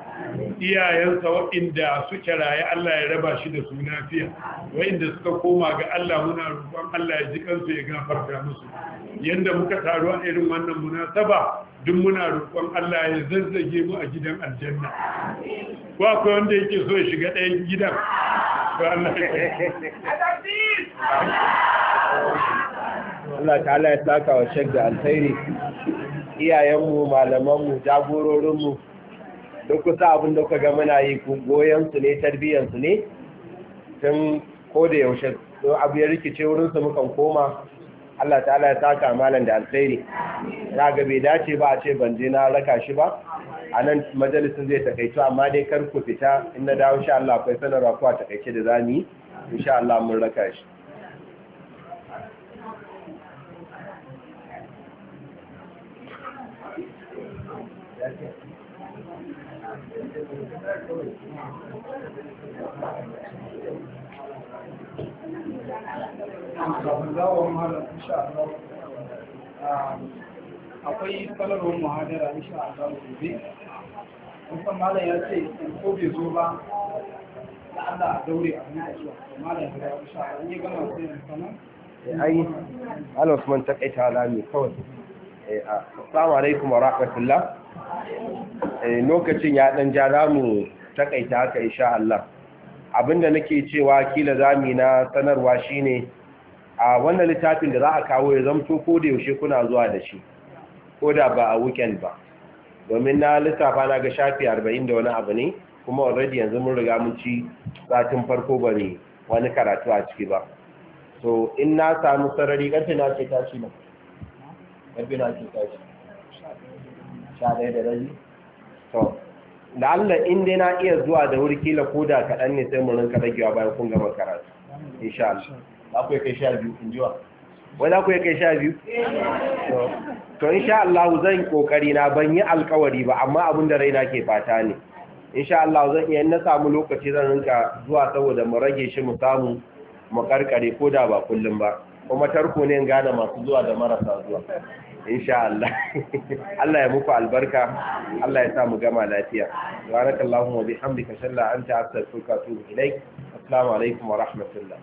iyayensa waɗanda suke raye Allah ya raba shi da su lafiya waɗanda suka koma ga Allah muna roƙon Allah ya ji kansu ya gafarta musu yanda muka taru a irin wannan munasaba duk muna roƙon Allah ya zazzage mu a gidan aljanna ko akwai wanda yake so ya shiga ɗayan gidan Allah ta'ala ya saka wa shek da alkhairi iyayenmu malamanmu jagororinmu duk kusa abin da kuka ga muna yi ku su ne tarbiyyar ne tun ko da yaushe don abu ya rikice wurin su mukan koma Allah ta'ala ya saka malam da alkhairi na ga bai dace ba a ce ban je na raka shi ba a nan majalisin zai takaitu amma dai kar ku fita in na dawo sha Allah akwai sanarwa ko a takaice da zamu yi insha Allah mun raka shi Um, akwai falarwar muhadara insha Allah gobe Musamman malam ya ce in ko bai zo ba da Allah a daure a hannun asuwa malam ya ga insha Allah in ya gama sai ya sanar ai Allah Usman takaita alami kawai eh, assalamu kuma wa rahmatullah Eh, lokacin ya ɗan ja za mu takaita haka insha Allah abinda nake cewa kila zami na sanarwa shine a wannan litafin da za a kawo ya zamto ko da yaushe kuna zuwa da shi ko da ba a weekend ba domin na litafa na ga shafi 40 da wani abu ne kuma already yanzu mun riga mun ci satin farko ba ne wani karatu a ciki ba so in na samu sarari karfe na ce tashi na karfe na ce tashi sha ɗaya da rabi to da Allah in dai na iya zuwa da wuri kila ko da kaɗan ne sai mu rinka ragewa bayan kun gama karatu insha Allah za ku kai sha biyu in jiwa wai za ku kai sha biyu to insha Allah zan kokari na ban yi alkawari ba amma abin da raina ke fata ne insha Allah zan iya na samu lokaci zan rinka zuwa saboda mu rage shi mu samu mu karkare ko da ba kullum ba kuma tarko ne gane masu zuwa da marasa zuwa insha Allah Allah ya muku albarka Allah ya sa mu gama lafiya subhanaka allahumma wa bihamdika shalla anta astaghfiruka wa atubu ilaik assalamu alaikum wa rahmatullah